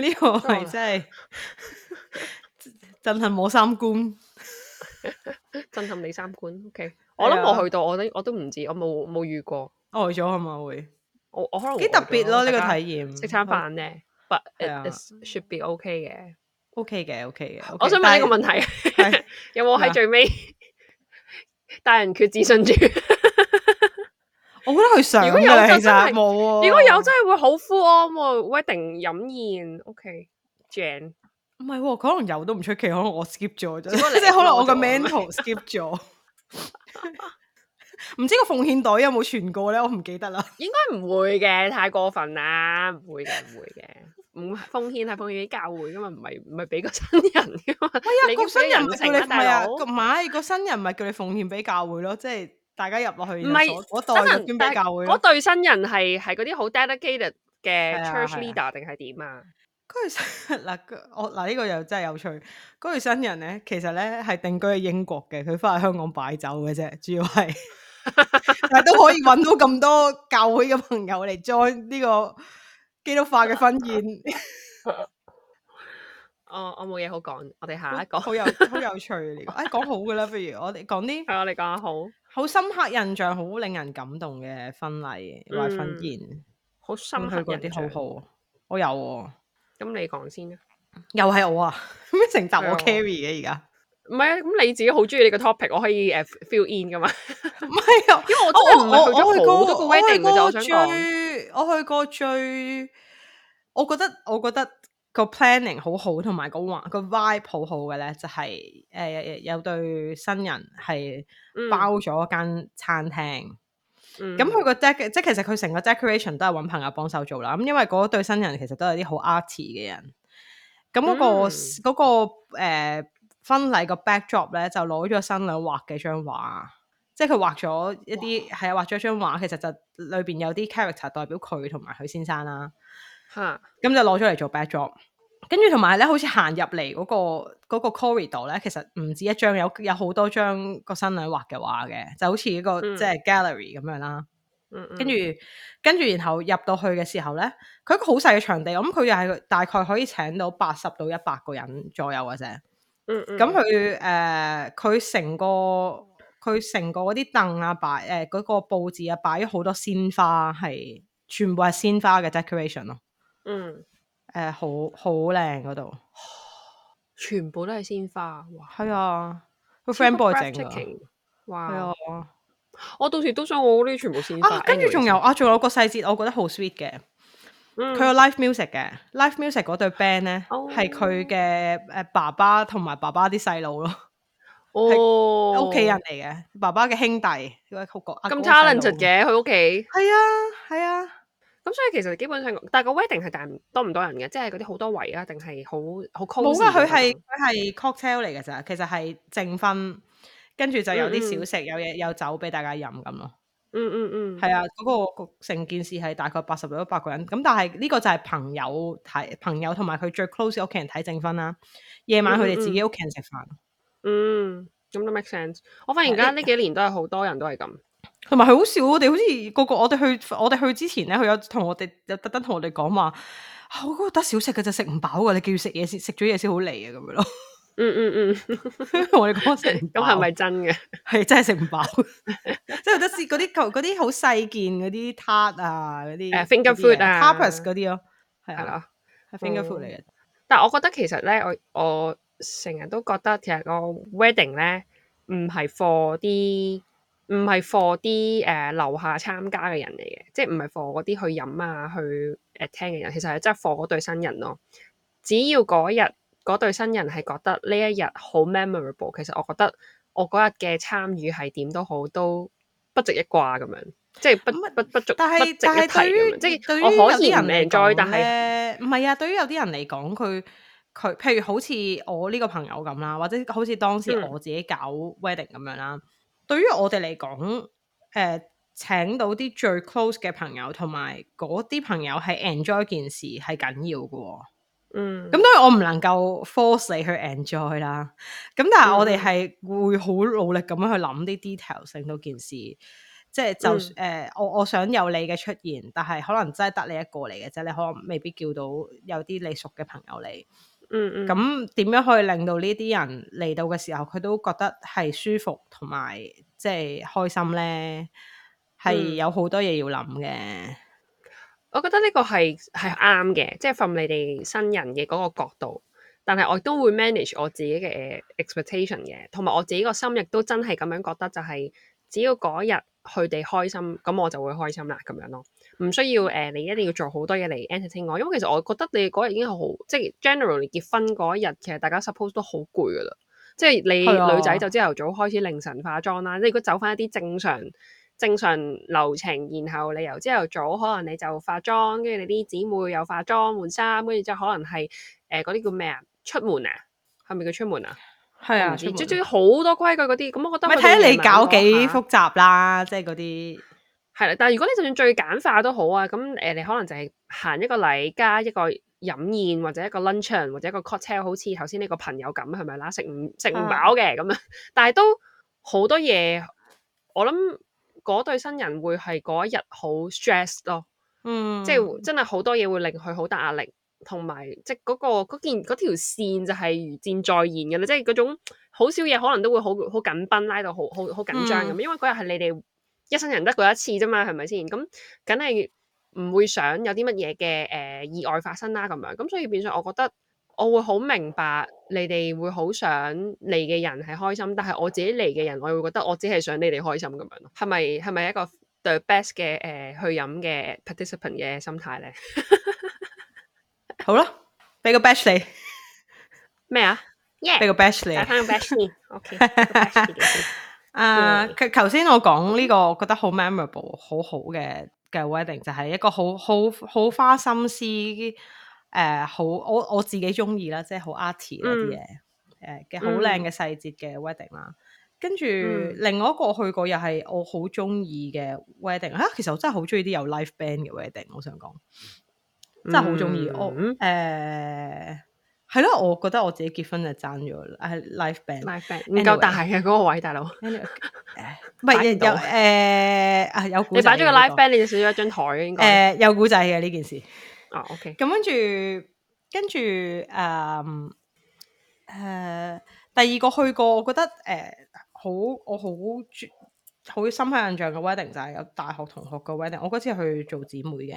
呢個係真係震撼我三觀，震撼你三觀。O K，我諗我去到，我我都唔知，我冇冇遇過，呆咗係咪會？我我可能幾特別咯呢個體驗，食餐飯咧，but it should be O K 嘅。OK 嘅，OK 嘅。Okay, 我想問呢但個問題，但 有冇喺最尾大、啊、人決志住？ 我覺得佢想，如果有就真係冇；啊、如果有真係會好 form、啊。Wedding 飲宴，OK，Jane 唔係，佢、okay. Jan 哦、可能有都唔出奇，可能我 skip 咗，即係 可能我個 mental skip 咗。唔 知個奉獻袋有冇傳過咧？我唔記得啦。 應該唔會嘅，太過分啦，唔會嘅，唔會嘅。奉獻係奉獻俾教會噶嘛，唔係唔係俾個新人噶嘛。係啊，個新人唔係你啊，唔係個新人咪叫你奉獻俾教會咯，即係大家入落去。唔係我對新人，我對 新人係係嗰啲好 dedicated 嘅 church leader 定係點啊？嗰對新人嗱，我嗱呢個又真係有趣。嗰對新人咧，其實咧係定居喺英國嘅，佢翻去香港擺酒嘅啫，主要係但係都可以揾到咁多教會嘅朋友嚟 join 呢個。 基督化嘅婚宴，哦，我冇嘢好講，我哋下一講好有好有趣嘅，哎，講好噶啦，不如我哋講啲，係啊，你講下好，好深刻印象，好令人感動嘅婚禮或者婚宴，好深刻嗰啲，好好，我有，咁你講先，又係我啊，咩成就我 carry 嘅而家，唔係啊，咁你自己好中意你個 topic，我可以誒 fill in 噶嘛，唔係啊，因為我真係唔係去咗好多個 wedding 我去過最，我覺得我覺得個 planning 好好，同埋個環個 vibe 好好嘅咧，就係、是、誒、呃、有對新人係包咗間餐廳，咁佢個 deco 即係其實佢成個 decoration 都係揾朋友幫手做啦。咁因為嗰對新人其實都係啲好 arty 嘅人，咁嗰、那個嗰、嗯那個婚、那個呃、禮 back 呢個 backdrop 咧就攞咗新娘畫嘅張畫。即係佢畫咗一啲，係啊畫咗一張畫，其實就裏邊有啲 character 代表佢同埋佢先生啦。吓 Huh.，咁就攞咗嚟做 background。跟住同埋咧，好似行入嚟嗰個嗰、嗰個 corridor 咧，其實唔止一張，有有好多張個新娘畫嘅畫嘅，就好似一個、mm. 即係 gallery 咁樣啦。跟住跟住，hmm. 然後入到去嘅時候咧，佢一個好細嘅場地，我諗佢又係大概可以請到八十到一百個人左右嘅啫。嗯、mm，咁佢誒，佢、呃、成個。佢成個嗰啲凳啊，擺誒嗰個佈置啊，擺咗好多鮮花，係全部係鮮花嘅 decoration 咯。嗯，誒好好靚嗰度，全部都係鮮花，哇！係啊，個 friend 幫我整㗎，哇，我到時都想我嗰啲全部鮮花。跟住仲有啊，仲有個細節，我覺得好 sweet 嘅。佢有 live music 嘅，live music 嗰對 band 咧，係佢嘅誒爸爸同埋爸爸啲細路咯。哦，屋企人嚟嘅，爸爸嘅兄弟，好覺咁 talented 嘅，佢屋企係啊，係啊，咁家、啊啊、所以其實基本上，但個 wedding 係大唔多唔多人嘅，即係嗰啲好多圍啊，定係好好 close 冇啊，佢係佢係 cocktail 嚟嘅咋，其實係證婚，跟住就有啲小食，有嘢、嗯嗯、有酒俾大家飲咁咯。嗯，嗯嗯嗯，係啊，嗰、那個成件事係大概八十到一百個人，咁但係呢個就係朋友睇，朋友同埋佢最 close 嘅屋企人睇證婚啦。夜晚佢哋自己屋企人食飯。嗯嗯嗯嗯，咁都 make sense。我發現而家呢幾年都係好多人都係咁，同埋佢好少。我哋好似個個，我哋去我哋去之前咧，佢有同我哋有，有特登同我哋講話，Oh, 我覺得得小食嘅就食唔飽噶。你叫食嘢先，食咗嘢先好嚟啊，咁樣咯。嗯嗯嗯，我哋講成係咪真嘅？係真係食唔飽，即係得啲嗰啲啲好細件嗰啲撻啊，嗰啲 finger food 啊，cupus 嗰啲咯，係咯，係 finger food 嚟嘅。但係我覺得其實咧，我我。成日都覺得其實個 wedding 咧，唔係 for 啲，唔係 for 啲誒樓下參加嘅人嚟嘅，即係唔係 for 嗰啲去飲啊，去誒、呃、聽嘅人，其實係真係 for 嗰對新人咯。只要嗰日嗰對新人係覺得呢一日好 memorable，其實我覺得我嗰日嘅參與係點都好都不值一掛咁樣，即係不不但係不足，不足不值一提但係是、就是、但係對於即係對於有啲人嚟講咧但係，唔係啊，對於有啲人嚟講佢。佢譬如好似我呢個朋友咁啦，或者好似當時我自己搞 wedding 咁樣啦。嗯、對於我哋嚟講，誒、呃，請到啲最 close 嘅朋友同埋嗰啲朋友係 enjoy 件事係緊要嘅，喔嗯嗯。嗯，咁當然我唔能夠 force 你去 enjoy 啦。咁但係我哋係會好努力咁樣去諗啲 detail 成到件事。即係就誒，我我想有你嘅出現，但係可能真係得你一個嚟嘅啫。你可能未必叫到有啲你熟嘅朋友嚟。嗯，嗯，咁點樣可以令到呢啲人嚟到嘅時候，佢都覺得係舒服同埋即係開心咧，係有好多嘢要諗嘅。嗯。我覺得呢個係係啱嘅，即係從你哋新人嘅嗰個角度，但係我亦都會 manage 我自己嘅 expectation 嘅，同埋我自己個心亦都真係咁樣覺得，就是，就係只要嗰日佢哋開心，咁我就會開心啦，咁樣咯。唔需要誒、呃，你一定要做好多嘢嚟 entertain 我，因為其實我覺得你嗰日已經好即係 generally 結婚嗰一日，其實大家 suppose 都好攰噶啦。即係你女仔就朝頭早開始凌晨化妝啦。即係如果走翻一啲正常正常流程，然後你由朝頭早可能你就化妝，跟住你啲姊妹又化妝換衫，跟住之後就可能係誒嗰啲叫咩啊？出門啊？係咪叫出門啊？係啊，即係好多規矩嗰啲。咁我覺得，咪睇下你搞幾、啊、複雜啦，即係嗰啲。係啦，但係如果你就算最簡化都好啊，咁誒、呃，你可能就係行一個禮，加一個飲宴或者一個 lunch 或者一個 cocktail，好似頭先呢個朋友咁，係咪啦？食唔食唔飽嘅咁樣，但係都好多嘢，我諗嗰對新人會係嗰一日好 stress 咯，即係真係好多嘢會令佢好大壓力，同埋即係嗰個件嗰條綫就係如箭在弦嘅啦，即係嗰種好少嘢可能都會好好緊繃，拉到好好好緊張咁，嗯、因為嗰日係你哋。一生人得過一次啫嘛，係咪先？咁梗係唔會想有啲乜嘢嘅誒意外發生啦，咁樣咁所以變相我覺得我會好明白你哋會好想嚟嘅人係開心，但係我自己嚟嘅人，我會覺得我只係想你哋開心咁樣咯。係咪係咪一個 the best 嘅誒去飲嘅 participant 嘅心態咧？好咯，俾個 best 你咩啊？俾個 best 你，俾個 best 你，OK。誒，佢頭先我講呢個，覺得 memorable、mm hmm. 好 memorable，好好嘅嘅 wedding，就係一個好好好花心思，誒、呃，好我我自己中意啦，即係好 arty 嗰啲嘢，誒嘅好靚嘅細節嘅 wedding 啦。跟住，、mm hmm. 另外一個我去過又係我好中意嘅 wedding，啊，其實我真係好中意啲有 live band 嘅 wedding，我想講真係好中意，mm hmm. 我誒。呃係咯，我覺得我自己結婚就爭咗，係 live band 唔夠大嘅嗰個位，大佬。唔係有誒啊有你擺咗個 live band，你就少咗一張台啊！應該有古仔嘅呢件事。哦，OK。咁跟住，跟住誒誒第二個去過，我覺得誒、呃、好，我好好深刻印象嘅 wedding 就係、是、有大學同學嘅 wedding。我嗰次係去做姊妹嘅。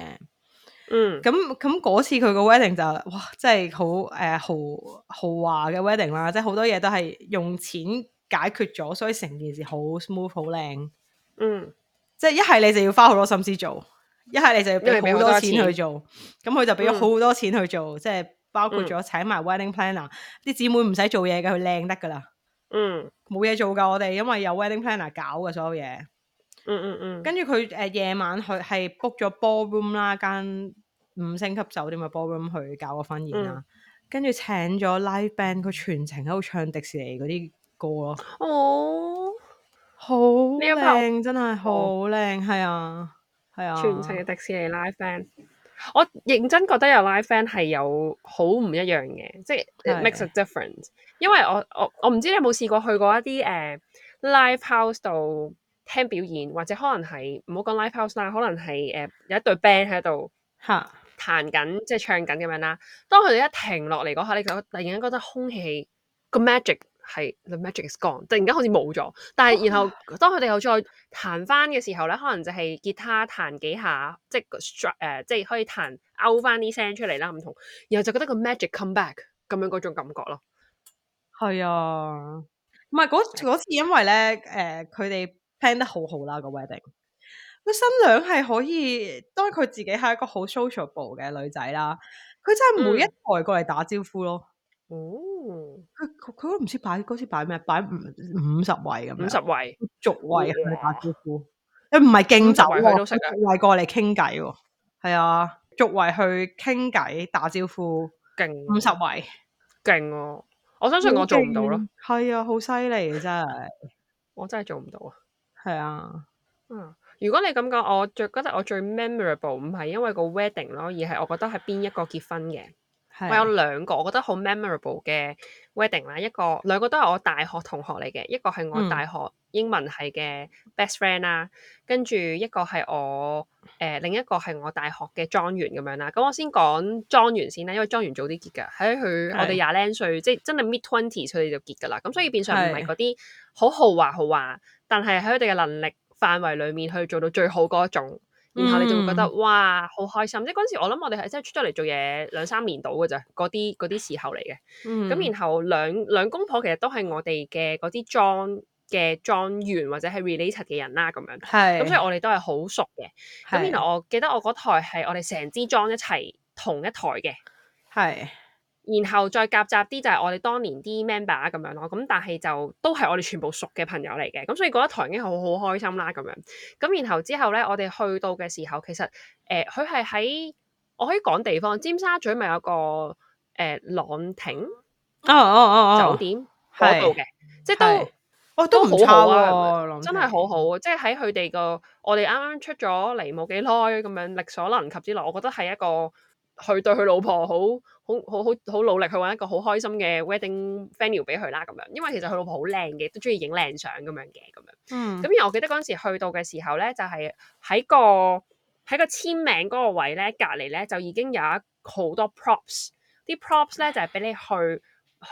嗯，咁咁嗰次佢個 wedding 就哇，真係好誒豪豪華嘅 wedding 啦，即係好多嘢都係用錢解決咗，所以成件事好 smooth 好靚。嗯，即係一係你就要花好多心思做，一係你就要俾好多錢去做，咁佢就俾咗好多錢去做，嗯、即係包括咗請埋 wedding planner，啲姊妹唔使做嘢嘅，佢靚得噶啦。嗯，冇嘢做噶、嗯、我哋，因為有 wedding planner 搞嘅所有嘢。嗯嗯嗯，跟住佢誒夜晚去係 book 咗 ballroom 啦，間五星級酒店嘅 ballroom 去搞個婚宴啦，跟住、嗯、請咗 live band，佢全程喺度唱迪士尼嗰啲歌咯。哦，好靚美，個真係好靚，係、哦、啊，係啊，全程嘅迪士尼 live band。我認真覺得有 live band 係有好唔一樣嘅，即係 makes a difference 的。因為我我我唔知你有冇試過去過一啲誒、uh, live house 度。聽表演，或者可能係唔好講 live house 啦，可能係誒、呃、有一隊 band 喺度吓彈緊即係唱緊咁樣啦。當佢哋一停落嚟嗰下，佢突然間覺得空氣個 magic 係 the magic is gone，突然間好似冇咗。但係，然後、啊、當佢哋又再彈翻嘅時候咧，可能就係吉他彈幾下即係個 str 誒、呃、即係可以彈勾翻啲聲出嚟啦，唔同。然後就覺得個 magic come back 咁樣嗰種感覺咯。係啊，唔係嗰、嗰次因為咧誒佢哋。呃聽得好好啦，個 wedding，個新娘係可以當佢自己係一個好 socialable 嘅女仔啦，佢真係每一台過嚟打招呼咯。哦，佢佢都唔知擺嗰次擺咩，擺五十位咁，五十位逐位去打招呼，佢唔係敬酒，佢係過嚟傾偈。係啊，逐位去傾偈打招呼，勁五十位，勁哦！我相信我做唔到咯。係啊，好犀利真係，我真係做唔到啊！係啊，嗯，如果你咁講，我最覺得我最 memorable 唔係因為個 wedding 咯，而係我覺得係邊一個結婚嘅，是我有兩個我覺得好 memorable 嘅 wedding 啦，一個兩個都係我大學同學嚟嘅，一個係我大學英文系嘅 best friend 啦，嗯，跟住一個係我誒、呃，另一個係我大學嘅莊園咁樣啦。咁我先講莊園先啦，因為莊園早啲結噶，喺、哎、佢我哋廿零歲，是即係真係 mid twenties 佢哋就結噶啦。咁所以變相唔係嗰啲好豪華豪華。但係喺佢哋嘅能力範圍裡面去做到最好嗰一種，然後你就會覺得、嗯、哇好開心！即係嗰陣時，我諗我哋係真係出咗嚟做嘢兩三年度嘅咋，嗰啲啲時候嚟嘅。咁、嗯、然後兩兩公婆其實都係我哋嘅嗰啲莊嘅莊員或者係 relate 嘅人啦，咁樣。係咁，所以我哋都係好熟嘅。咁是 然後我記得我嗰台係我哋成支莊一齊同一台嘅。係。然後再夾雜啲就係我哋當年啲 member 咁樣咯，咁但係就都係我哋全部熟嘅朋友嚟嘅，咁所以嗰一台已經好好開心啦咁樣。咁然後之後咧，我哋去到嘅時候，其實誒，佢係喺我可以講地方，尖沙咀咪有個誒、呃、朗廷，啊啊啊酒店嗰度嘅，即係都哦都唔錯，真係好好，即係喺佢哋個我哋啱啱出咗嚟冇幾耐咁樣力所能及之內，我覺得係一個。佢對佢老婆好好好好好努力去揾一個好開心嘅 wedding venue y 俾佢啦，咁樣，因為其實佢老婆好靚嘅，都中意影靚相咁樣嘅，咁樣。嗯。咁然後我記得嗰陣時去到嘅時候咧，就係喺個喺個簽名嗰個位咧，隔離咧就已經有一好多 props，啲 props 咧就係俾你去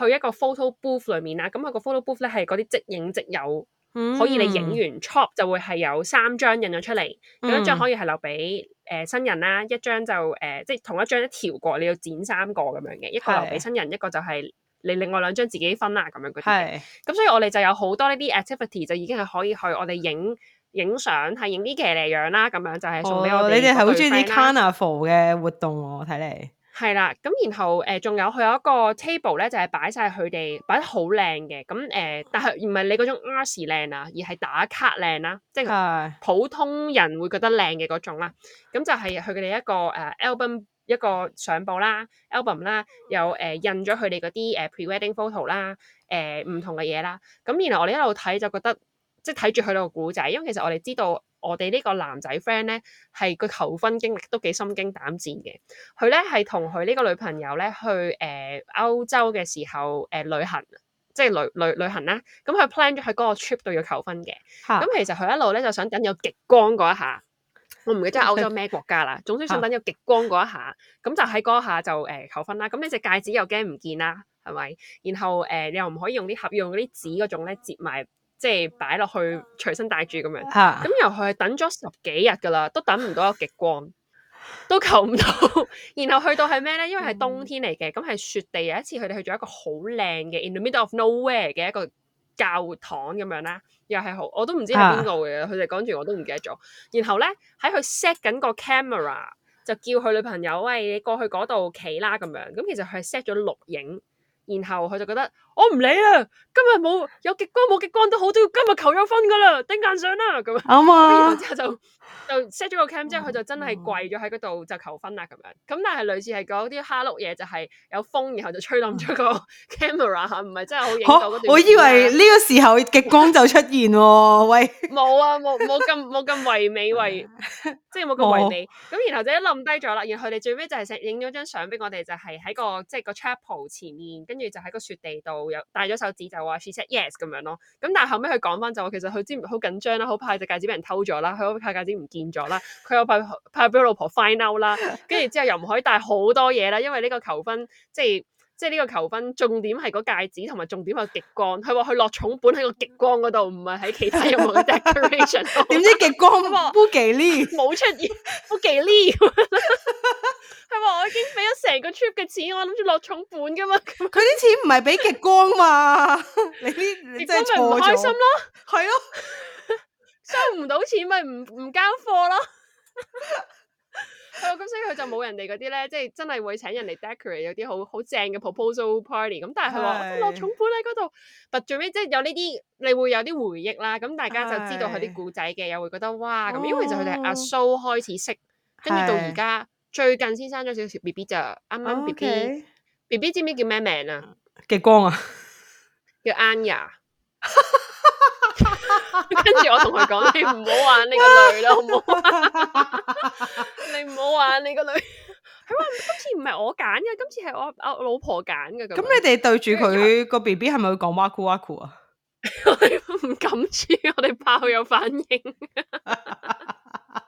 去一個 photo booth 裏面啦。咁佢個 photo booth 咧係嗰啲即影即有。可以你影完 top、嗯、就會係有三張印咗出嚟，咁、嗯、一張可以係留俾誒、呃、新人啦，一張就誒、呃、即係同一張一條過你要剪三個咁樣嘅，是一個留俾新人，一個就係你另外兩張自己分啦咁樣嗰啲嘅。咁是所以我哋就有好多呢啲 activity 就已經係可以去我哋影影相，係影啲騎呢樣啦咁樣就係、是、送俾我哋、哦。你哋係好中意啲 carnival 嘅活動喎，我睇嚟。係啦，咁然後誒仲有佢有一個 table 咧，就係擺晒佢哋擺得好靚嘅，咁誒、呃、但係唔係你嗰種 artsy 靚啊，而係打卡靚啦，即係普通人會覺得靚嘅嗰種啦。咁唉就係佢哋一個誒、呃、album 一個相簿啦，album 啦，有、呃、誒印咗佢哋嗰啲誒 pre-wedding photo 啦、呃，誒唔同嘅嘢啦。咁然後我哋一路睇就覺得即係睇住佢個故仔，因為其實我哋知道。我哋呢個男仔 friend 咧，係個求婚經歷都幾心驚膽戰嘅。佢咧係同佢呢個女朋友咧去誒、呃、歐洲嘅時候誒、呃、旅行，即係旅旅旅行啦、啊。咁佢 plan 咗喺嗰個 trip 度要求婚嘅。咁哈其實佢一路咧就想等有極光嗰一下。我唔記得喺歐洲咩國家啦。 總之想等有極光嗰一下。咁哈就喺嗰下就誒、呃、求婚啦。咁呢隻戒指又驚唔見啦，係咪？然後誒，你、呃、又唔可以用啲盒，用嗰啲紙嗰種咧摺埋。即係擺落去隨身帶住咁樣，咁由佢係等咗十幾日㗎啦，都等唔到一個極光，都求唔到。然後去到係咩咧？因為係冬天嚟嘅，咁係、嗯嗯、雪地。有一次佢哋去咗一個好靚嘅 in the middle of nowhere 嘅一個教堂咁樣啦，又係好我都唔知係邊度嘅，佢哋講住我都唔記得咗。然後咧喺佢 set 緊個 camera，就叫佢女朋友，喂，你過去嗰度企啦咁樣。咁其實佢係 set 咗錄影，然後佢就覺得。我唔理啦，今日冇有極光冇極光都好，都要今日求咗婚噶啦，頂硬上啦、啊、咁樣。啱、嗯、啊！然後之後就就 set 咗個 cam 之後，佢就真係跪咗喺嗰度就求婚啦咁樣。咁但係類似係講啲哈碌嘢，就係、是、有風然後就吹冧咗個 camera 嚇，唔係真係好影到段、啊哦。我以為呢個時候極光就出現喎，喂！冇 啊，冇冇咁冇咁唯美，唯即係冇咁唯美。咁沒然，然後就一冧低咗啦，然後佢哋最尾就係影影咗張相俾我哋，就係、是、喺個、就是、個即係個 chapel 前面，跟住就喺個雪地度。戴咗手指就話 she said yes 咁樣咯。咁、嗯、但係後尾佢講翻就話其實佢之前好緊張啦，好怕隻戒指俾人偷咗啦，佢好怕戒指唔見咗啦，佢又怕怕俾老婆 find out 啦。跟住之後又唔可以戴好多嘢啦，因為呢個求婚即係。即係呢個求婚重點係個戒指同埋重點係極光，佢話佢落重本喺個極光嗰度，唔係喺其他任何 decoration。點知極光冇 布吉尼，冇 出現布吉尼。佢話我已經俾咗成個 trip 嘅錢，我諗住落重本㗎嘛。佢 啲錢唔係俾極光嘛？ 你啲極光咪唔開心咯？係咯，收唔到錢咪唔唔交貨咯。 咁、 哦、所以佢就冇人哋嗰啲咧，即、就、係、是、真係會請人嚟 decorate 有啲好好正嘅 proposal party。咁但係佢話落重本喺嗰度，但、哎、最尾即係有呢啲，你會有啲回憶啦。咁大家就知道佢啲故仔嘅，是又會覺得哇咁。因為就佢哋係阿蘇開始識，跟住是到而家最近先生咗少少 B B 就啱啱 B B B B 知唔知叫咩名啊？極光啊，叫 Anya。 跟住我同佢講，你唔好玩你個女啦，好唔好？ 你唔好玩你個女，佢話今次唔係我揀嘅，今次係我阿老婆揀嘅。咁你哋對住佢個 B B 係咪會講哇酷哇酷啊？ 我哋唔敢住，我哋怕佢有反應。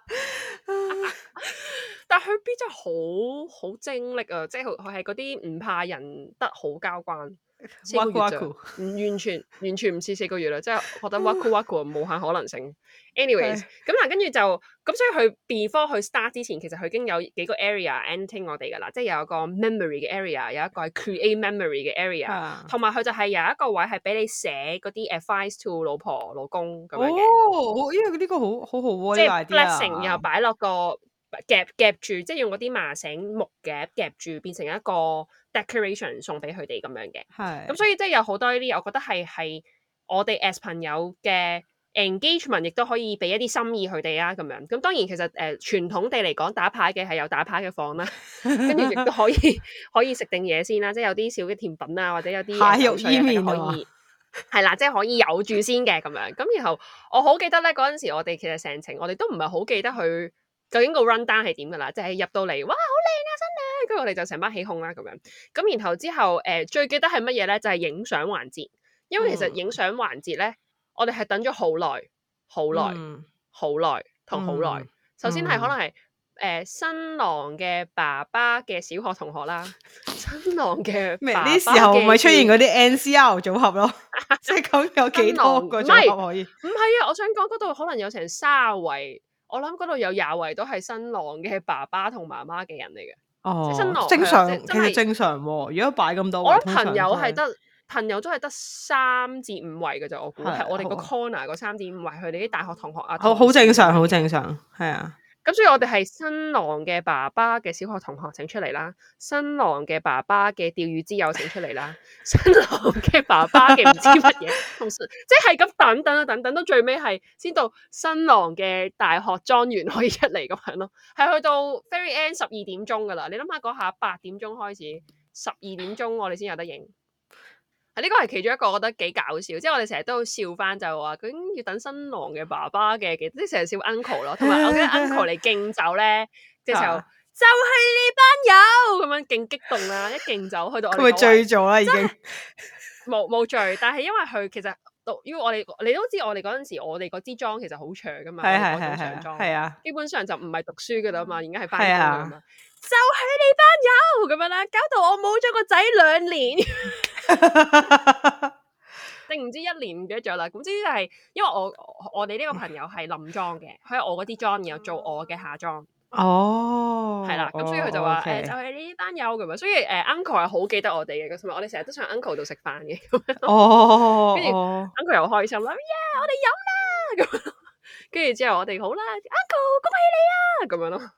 但係 B B 真係好好精力啊，即係佢係嗰啲唔怕人，得好交關。四完全， 完全唔似四個月啦。即係覺得 Waku Waku 無限可能性。唉 Anyways，咁嗱，跟住就咁，所以佢 before 去 start 之前，其實佢已經有幾個 area entertain 我哋噶啦。即係又有一個 memory 嘅 area，有一個係 create memory 嘅 area，、嗯、同埋佢就係有一個位係俾你寫嗰啲 advice to 老婆老公咁樣嘅、哦哦。因為呢啲好好好、啊、即係 blessing，然後擺落個夾夾住，即係用嗰啲麻繩木夾夾住，變成一個。Decoration 送俾佢哋咁樣嘅，咁的、嗯、所以即係有好多呢啲，我覺得係係我哋 as 朋友嘅 engagement 亦都可以俾一啲心意佢哋啊咁樣。咁、嗯、當然其實誒、呃、傳統地嚟講打牌嘅係有打牌嘅房啦，跟住亦都可以 可以食定嘢先啦，即係有啲小嘅甜品啊或者有啲蟹肉伊麵可以係啦， 即係可以有住先嘅咁樣。咁然後我好記得咧，嗰陣時我，我哋其實成程我哋都唔係好記得佢。究竟個 run down 係點噶啦？即、就、係、是、入到嚟，哇，好靚啊，新娘，跟住我哋就成班起哄啦，咁樣。咁然後之後，誒、呃，最記得係乜嘢咧？就係影相環節，因為其實影相環節咧，嗯、我哋係等咗好耐，好耐，好耐同好耐。嗯嗯、首先係可能係誒、呃、新郎嘅爸爸嘅小學同學啦，新郎嘅。咩？呢時候咪出現嗰啲 NCR 組合咯？即係咁有幾耐？個組可以？唔係啊，我想講嗰度可能有成三十位。我諗嗰度有廿位都係新郎嘅爸爸同媽媽嘅人嚟嘅，哦，新郎正常，即係、其實正常、啊。如果擺咁多，我諗朋友係得朋友，得、就是、朋友都係得三至五位噶咋。我估係的我哋個 corner 個三的至五位，佢哋啲大學同學啊同學好，好正常，好正常，係啊。咁所以我哋係新郎嘅爸爸嘅小學同學請出嚟啦，新郎嘅爸爸嘅釣魚之友請出嚟啦， 新郎嘅爸爸嘅唔知乜嘢， 同即係咁等等啊等等，到最尾係先到新郎嘅大學莊園可以出嚟咁樣咯，係去到 very end 十二點鐘噶啦，你諗下嗰下八點鐘開始，十二點鐘我哋先有得影。呢個係其中一個，我覺得幾搞笑。即係我哋成日都笑翻，就話佢要等新郎嘅爸爸嘅，即係成日笑 Uncle 咯。同埋我記得 Uncle 嚟敬酒咧嘅時候，就係呢班友咁樣，勁激動啦！一敬酒去到佢咪醉咗啦？已經冇冇醉，但係因為佢其實因為我哋你都知我哋嗰陣時，我哋嗰支妝其實好長噶嘛，嗰種係啊，基本上就唔係讀書噶啦嘛，而家係翻工啊，就係呢班友咁樣啦，搞到我冇咗個仔兩年。定唔知一年唔記得咗啦。總之就係因為我我哋呢個朋友係冧妝嘅，佢喺我嗰啲妝然後做我嘅下妝。哦，係啦。咁所以佢就話誒，就係呢班友咁樣。所以誒，Uncle 係好記得我哋嘅，咁啊，我哋成日都上 Uncle 度食飯嘅。哦，跟住 Uncle 又開心啦，我哋飲啦。咁，跟住之後我哋好啦，Uncle 恭喜你啊，咁樣咯。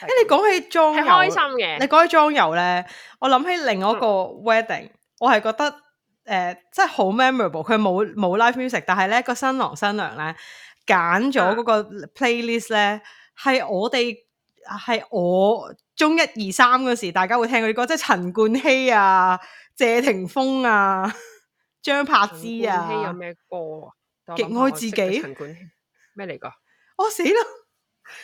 誒，你講起妝油係開心嘅，你講起妝油呢，我諗起另外一個 wedding。我係覺得誒、呃，真係好 memorable。佢冇冇 live music，但係咧個新郎新娘咧揀咗嗰個 playlist 咧，係、啊、我哋係我中一二三嗰時，大家會聽嗰啲歌，即係陳冠希啊、謝霆鋒啊、張柏芝啊。陳冠希有咩歌啊？《極愛自己》。陳冠希咩嚟噶？我死啦！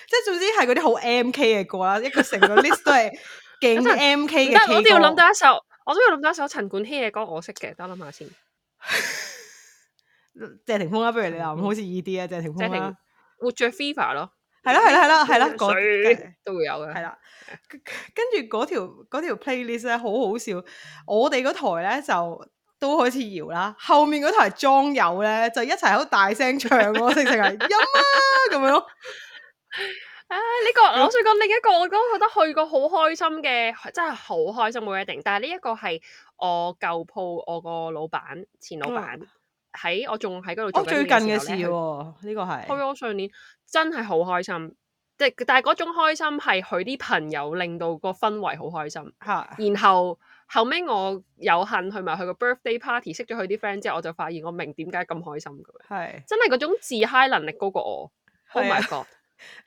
即係總之係嗰啲好 M K 嘅歌啦，一個成個 list 都係勁 M K 嘅 K 歌。我都要諗到一首。 我都有諗到一首陳冠希嘅歌，我，我識嘅，等我諗下先。謝霆鋒啦、啊，不如你諗，嗯、好似易 d 啊，謝霆鋒活著 Viva 咯，係啦係啦係啦係啦，嗰啲都會有嘅。係啦，跟住嗰條條 playlist 咧，好好笑。我哋嗰台咧就都開始搖啦，後面嗰台裝友咧就一齊喺度大聲唱咯、啊，成成係音啊咁樣。啊！呢、這個我想講另一個，我都覺得去過好開心嘅，真係好開心，冇一定。但係呢一個係我舊鋪，我個老闆前老闆喺、哦、我仲喺嗰度做最近嘅事。呢個係去我上年真係好開心，即但係嗰種開心係佢啲朋友令到個氛圍好開心。哈 然後後尾我有幸去埋佢個 birthday party，識咗佢啲 friend 之後，我就發現我明點解咁開心嘅，係嘿 真係嗰種自嗨能力高過我。Oh m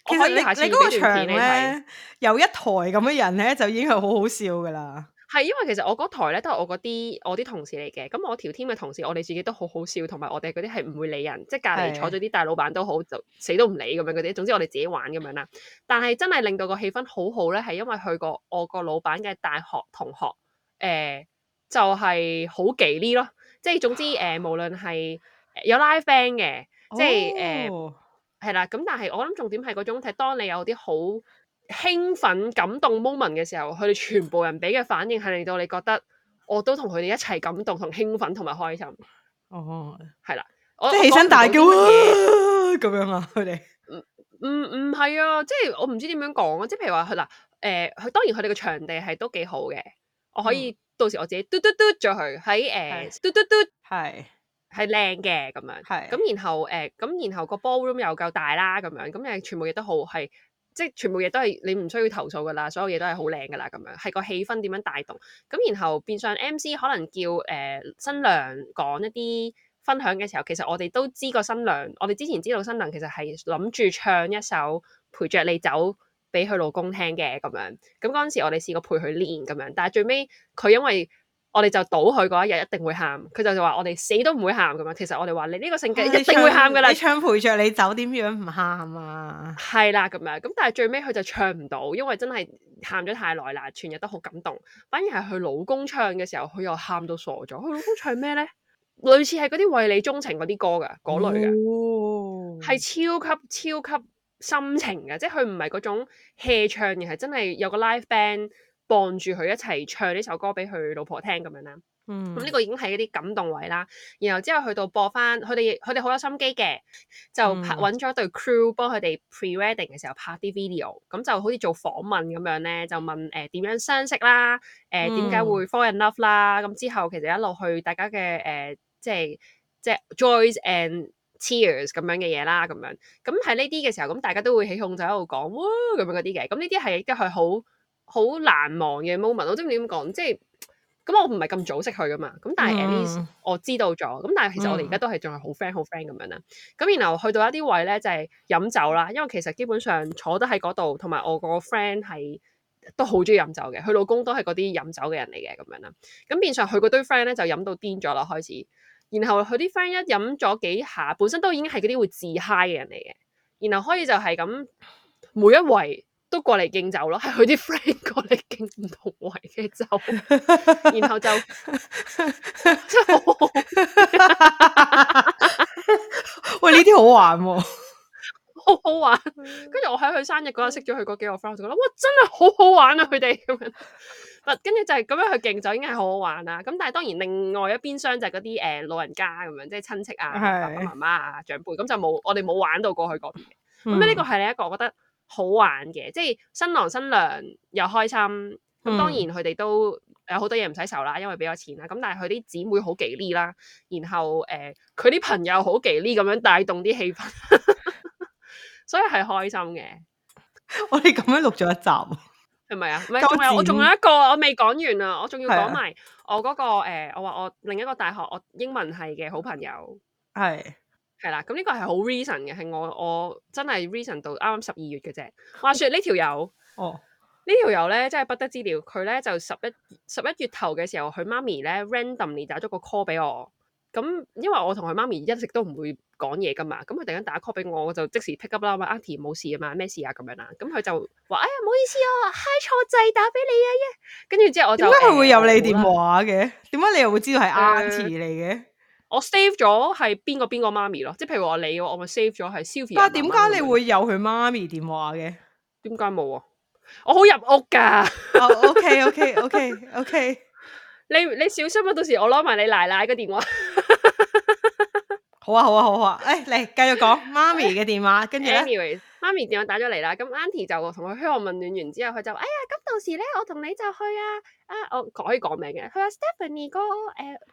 其實你你嗰場咧有一台咁嘅人咧就已經係好好笑噶啦，係因為其實我嗰台咧都係我嗰啲我啲同事嚟嘅。咁我條 team 嘅同事我哋自己都好好笑，同埋我哋嗰啲係唔會理人，即係隔籬坐咗啲大老闆都好，是就死都唔理咁樣嗰啲。總之我哋自己玩咁樣啦。但係真係令到個氣氛好好咧，係因為去過我個老闆嘅大學同學，誒、呃、就係好忌呢咯，即係總之誒、呃，無論係、呃、有 live band 嘅，哦、即係誒。呃係啦，咁但係我諗重點係嗰種，睇當你有啲好興奮、感動 moment 嘅時候，佢哋全部人俾嘅反應係令到你覺得，我都同佢哋一齊感動、同興奮同埋開心。哦，係啦，即起身大叫咁樣啊！佢哋唔唔唔係啊，即係我唔知點樣講啊！即係譬如話佢嗱，誒，佢、呃、當然佢哋個場地係都幾好嘅，我可以到時我自己嘟嘟嘟咗去喺誒嘟嘟嘟係。係靚嘅咁樣，咁是的 然後誒，咁、呃、然後個 ballroom 又夠大啦，咁樣，咁誒，全部嘢都好係，即係全部嘢都係你唔需要投訴噶啦，所有嘢都係好靚噶啦，咁樣，係個氣氛點樣帶動，咁然後變相 MC 可能叫誒、呃、新娘講一啲分享嘅時候，其實我哋都知個新娘，我哋之前知道新娘其實係諗住唱一首陪著你走俾佢老公聽嘅咁樣，咁嗰陣時我哋試過陪佢練咁樣，但係最尾佢因為。我哋就賭佢嗰一日一定會喊，佢就就話我哋死都唔會喊咁樣。其實我哋話你呢個性格一定會喊噶啦，你唱陪着你走，點樣唔喊啊？係啦，咁樣咁，但係最尾佢就唱唔到，因為真係喊咗太耐啦，全日都好感動。反而係佢老公唱嘅時候，佢又喊到傻咗。佢老公唱咩咧？類似係嗰啲為你鍾情嗰啲歌噶，嗰、哦、類嘅，係超級超級深情嘅，即係佢唔係嗰種 hea 唱，而係真係有個 live band。傍住佢一齊唱呢首歌俾佢老婆聽咁樣啦，咁呢個已經係一啲感動位啦。然後之後去到播翻，佢哋佢哋好有心機嘅，就拍揾咗一對 crew 幫佢哋 pre-wedding 嘅時候拍啲 video，咁就好似做訪問咁樣咧，就問誒點樣相識啦，誒點解會 fall in love 啦。咁之後其實一路去大家嘅誒，即係即係 joys and cheers 咁樣嘅嘢啦，咁樣咁喺呢啲嘅時候，咁大家都會起哄就喺度講喎咁樣嗰啲嘅，咁呢啲係都係好。好難忘嘅 moment，我都唔知點講，即係咁我唔係咁早識佢噶嘛，咁但係 at least 我知道咗，咁、mm hmm. 但係其實我哋而家都係仲係好 friend 好 friend 咁樣啦。咁、mm hmm. 然後去到一啲位咧，就係、係、飲酒啦，因為其實基本上坐得喺嗰度，同埋我個 friend 係都好中意飲酒嘅，佢老公都係嗰啲飲酒嘅人嚟嘅咁樣啦。咁變相佢嗰堆 friend 咧就飲到癲咗喇開始，然後佢啲 friend 一飲咗幾下，本身都已經係嗰啲會自 high 嘅人嚟嘅，然後開始就係咁每一圍。都過嚟敬酒咯，係佢啲 friend 過嚟敬唔同位嘅酒，然後就真係好好。喂，呢啲好、哦、 好玩，好好玩。跟住我喺佢生日嗰日識咗佢嗰幾個 friend，我就覺得：「哇，真係好好玩啊！佢哋咁樣。唔，跟住就係咁樣去敬酒，應該係好好玩啊！咁但係當然另外一邊廂就係嗰啲誒老人家咁樣，即係親戚啊、爸爸媽媽的啊、長輩咁就冇，我哋冇玩到過，過去嗰邊。咁呢個係另一個，我覺得。好玩嘅，即係新郎新娘又開心，咁、嗯、當然佢哋都有好多嘢唔使愁啦，因為俾咗錢啦。咁但係佢啲姊妹好吉利啦，然後誒佢啲朋友好吉利咁樣帶動啲氣氛， 所以係開心嘅。我哋咁樣錄咗一集，係咪啊？唔係，我仲有一個，我未講完啊，我仲要講埋的我嗰、那個誒、呃，我話我另一個大學我英文系嘅好朋友係。的係啦，咁呢個係好 reason 嘅，係我我真係 reason 到啱啱十二月嘅啫。話說呢條友，這個、哦，呢條友咧真係不得之了。佢咧就十一十一月頭嘅時候，佢媽咪咧 randomly 打咗個 call 俾我。咁因為我同佢媽咪一直都唔會講嘢噶嘛，咁佢突然間打 call 俾我，我就即時 pick up 啦，Auntie 冇事啊嘛，咩事啊咁樣啦。咁佢就話：哎呀，唔好意思啊，hi 錯掣打俾你啊。跟住之後我就點解佢會有你電話嘅？點解、嗯、你又會知道係 Auntie 嚟嘅？嗯我 save 咗係邊個邊個媽咪咯，即係譬如話你，我咪 save 咗係 Sylvia。但點解你會有佢媽咪電話嘅？點解冇啊？我好入屋噶。哦，OK，OK，OK，OK。你你小心啊，到時我攞埋你奶奶嘅電話。 好啊，好啊，好啊。誒、欸，嚟繼續講媽咪嘅電話，跟住咧。Anyway。媽咪電話打咗嚟啦，咁 Auntie 就同佢噓寒問暖完之後，佢就，哎呀，咁到時咧，我同你就去啊！啊，我改講名嘅，佢話 Stephanie 個誒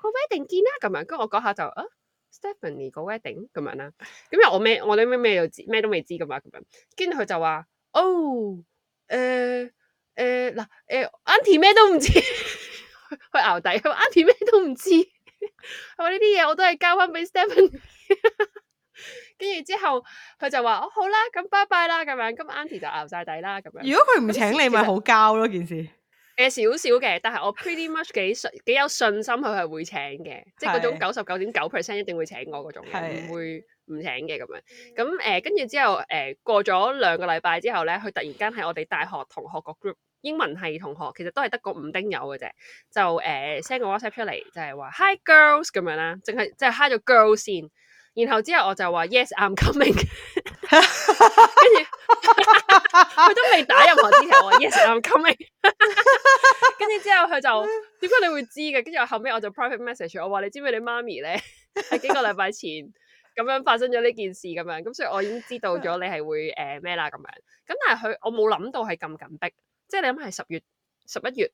個 wedding 見啦咁樣，跟住我嗰下就啊，Stephanie 個 wedding 咁樣啦，咁又我咩我哋咩咩又知咩都未知噶嘛咁樣，跟住佢就話，哦誒誒嗱誒 Auntie 咩都唔知，佢牛底，Auntie 咩都唔知，我呢啲嘢我都係交翻俾 Stephanie。跟住之後，佢就話：哦好啦，咁拜拜啦，咁樣。咁阿 Andy 就熬晒底啦，咁樣。如果佢唔請你，咪好交咯件事。誒、呃、少少嘅，但係我 pretty much 幾信幾有信心，佢係會請嘅， 即係嗰種九十九點九 percent 一定會請我嗰種，唔 會唔請嘅咁樣。咁誒跟住之後，誒過咗兩個禮拜之後咧，佢突然間喺我哋大學同學個 group，英文系同學，其實都係得個五丁友嘅啫，就誒 send、呃、個 WhatsApp 出嚟，就係、是、話 hi girls 咁樣啦，淨係即係 hi 咗 girls 先。然後之後我就話 yes I'm coming，跟住佢都未打任何字條。我 yes I'm coming，跟住之後佢就點解 你會知嘅？跟住後尾我就 private message 我話你知唔知你媽咪咧，係幾個禮拜前咁樣發生咗呢件事咁樣咁，所以我已經知道咗你係會誒咩啦咁樣。咁、 呃呃、但係佢，我冇諗到係咁緊逼，即係你諗下係十月十一月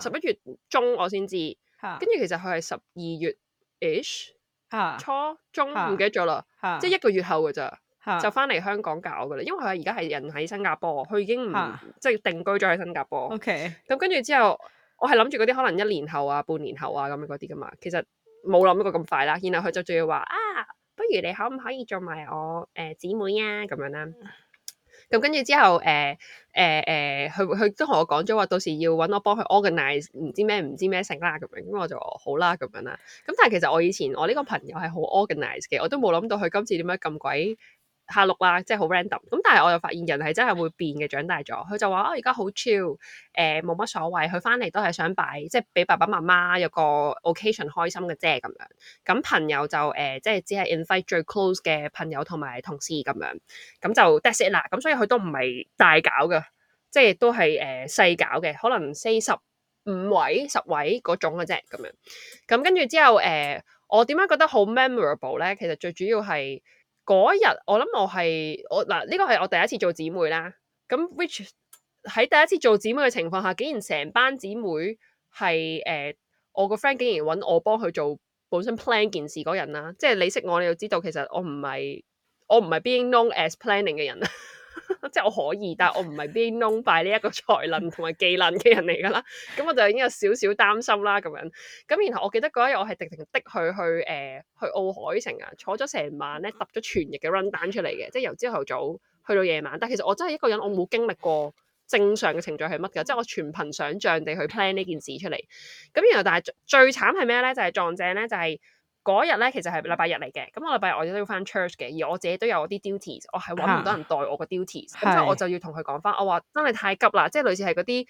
十一 月，月中我先知，跟住 其實佢係十二月 ish。初中唔記得咗啦，啊、即係一個月後㗎咋，啊、就翻嚟香港搞㗎啦。因為佢而家係人喺新加坡，佢已經唔、啊、即係定居咗喺新加坡。OK，咁跟住之後，我係諗住嗰啲可能一年後啊、半年後啊咁樣嗰啲噶嘛。其實冇諗過咁快啦。然後佢就仲要話啊，不如你可唔可以做埋我誒姊、呃、妹啊咁樣啦。咁跟住之後，誒誒誒，佢、欸、佢、欸、都同我講咗話，到時要搵我幫佢 organize 唔知咩唔知咩性啦，咁樣，咁我就好啦，咁樣啦。咁但係其實我以前我呢個朋友係好 organize 嘅，我都冇諗到佢今次點解咁鬼～下六啦，即係好 random。咁但係我又發現人係真係會變嘅，長大咗。佢就話，我而家好 chill，誒冇乜所謂。佢翻嚟都係想擺，即係俾爸爸媽媽有個 occasion 開心嘅啫咁樣。咁、嗯、朋友就誒、呃，即係只係 invite 最 close 嘅朋友同埋同事咁樣。咁、嗯、就 that's it 啦。咁、嗯、所以佢都唔係大搞嘅，即係都係誒細搞嘅，可能四十五位、十位嗰種嘅啫咁樣。咁跟住之後誒、呃，我點解覺得好 memorable 咧？其實最主要係。嗰日我諗我係我嗱呢、這個係我第一次做姊妹啦，咁 which 喺第一次做姊妹嘅情況下，竟然成班姊妹係誒、呃，我個 friend 竟然揾我幫佢做本身 plan 件事嗰人啦，即係你識我，你就知道其實我唔係我唔係 being known as planning 嘅人 即係我可以，但係我唔係 b 弄 i 呢一個才能同埋技能嘅人嚟噶啦，咁 我就已經有少少擔心啦，咁樣。咁然後我記得嗰一日我係直直的去去誒、呃、去奧海城啊，坐咗成晚咧，揼咗全日嘅 run down 出嚟嘅，即係由朝頭早去到夜晚。但其實我真係一個人，我冇經歷過正常嘅程序係乜噶，即係我全憑想象地去 plan 呢件事出嚟。咁然後但係最慘係咩咧？就係、是、撞正咧，就係、是。嗰日咧，其實係禮拜日嚟嘅，咁我禮拜日我亦都要返 church 嘅，而我自己都有我啲 duties，我係揾唔到人代我個 duties，咁之後我就要同佢講返，我話真係太急啦，即係類似係嗰啲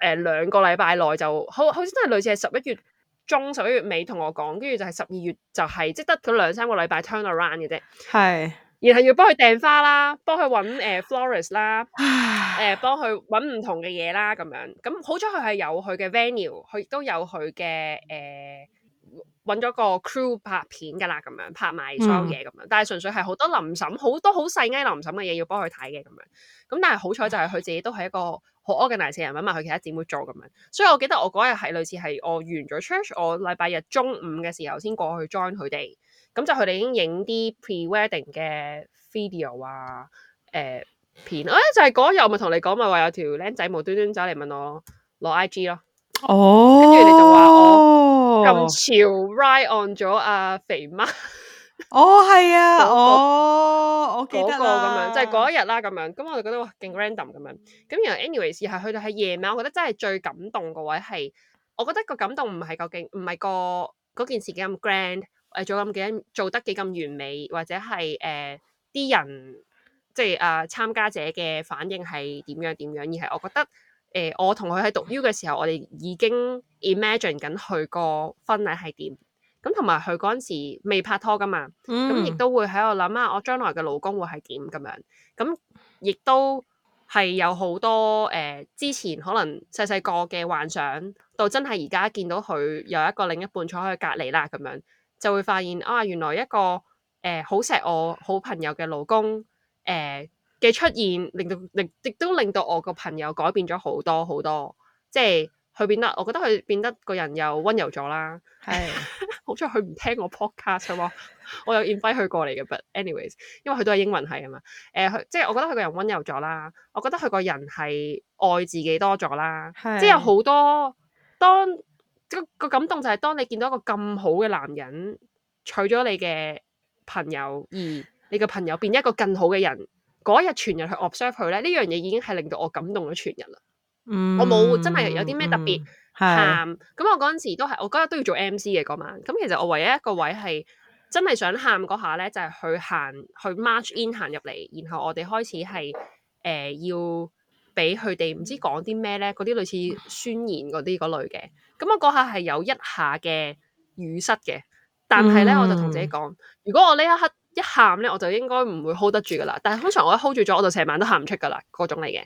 誒兩個禮拜內就，好好似真係類似係十一月中、十一月尾同我講，跟住就係十二月就係、是，即得咗兩三個禮拜 turn around 嘅啫，係是。然後要幫佢訂花啦，幫佢揾、呃、florist 啦，誒唉、呃、幫佢揾唔同嘅嘢啦，咁樣，咁、嗯、好彩佢係有佢嘅 venue，佢都有佢嘅誒。呃揾咗個 crew 拍片噶啦，咁樣拍埋所有嘢咁樣，但係純粹係好多臨審，好多好細啱臨審嘅嘢要幫佢睇嘅咁樣。咁但係好彩就係佢自己都係一個好 organizer 人物，揾嘛，佢其他姊妹做咁樣。所以我記得我嗰日係類似係我完咗 church，我禮拜日中午嘅時候先過去 join 佢哋。咁就佢哋已經影啲 pre-wedding 嘅 video 啊，誒、呃、片。誒、哎、就係嗰日我咪同你講，咪、就、話、是、有條僆仔無端端端走嚟問我攞 IG 咯。哦，跟住你就話。咁潮 ride on 咗啊肥媽，哦係啊，哦我記得啦，咁樣就係嗰一日啦，咁樣咁我就覺得勁 random 咁樣，咁然後 anyways 係去到喺夜晚，我覺得真係最感動個位係，我覺得個感動唔係究竟唔係個嗰件事咁 grand，誒做咁幾得做得幾咁完美，或者係誒啲人即係誒參加者嘅反應係點樣點樣，而係我覺得。誒、欸，我同佢喺讀 U 嘅時候，我哋已經 imagine 緊佢個婚禮係點，咁同埋佢嗰陣時未拍拖㗎嘛，咁亦、嗯、都會喺度諗啊，我將來嘅老公會係點咁樣，咁亦都係有好多誒、呃，之前可能細細個嘅幻想，到真係而家見到佢有一個另一半坐喺佢隔離啦，咁樣就會發現啊，原來一個誒好錫我好朋友嘅老公誒，呃嘅出現，令到令亦都令到我個朋友改變咗好多好多，即係佢變得，我覺得佢變得個人又溫柔咗啦。係的， 好在佢唔聽我 podcast 我又 invite 佢過嚟嘅。But anyways，因為佢都係英文係啊嘛。誒、呃，佢即係我覺得佢個人溫柔咗啦，我覺得佢個人係愛自己多咗啦。即係的有好多，當個感動就係當你見到一個咁好嘅男人娶咗你嘅朋友，而、嗯、你嘅朋友變一個更好嘅人。嗰日全日去 observe 佢咧，呢樣嘢已經係令到我感動咗全日啦。我冇真係有啲咩特別喊。咁我嗰陣時都係，我嗰日都要做 MC 嘅嗰晚。咁其實我唯一一個位係真係想喊嗰下咧，就係、是、去行去 March in 行入嚟，然後我哋開始係誒、呃、要俾佢哋唔知講啲咩咧，嗰啲類似宣言嗰啲嗰類嘅。咁我嗰下係有一下嘅語塞嘅，但係咧，我就同自己講，嗯、如果我呢一刻。一喊咧我就應該唔會 hold 得住㗎喇，但係通常我一 hold 住咗我就成晚都喊唔出㗎喇，嗰種嚟嘅，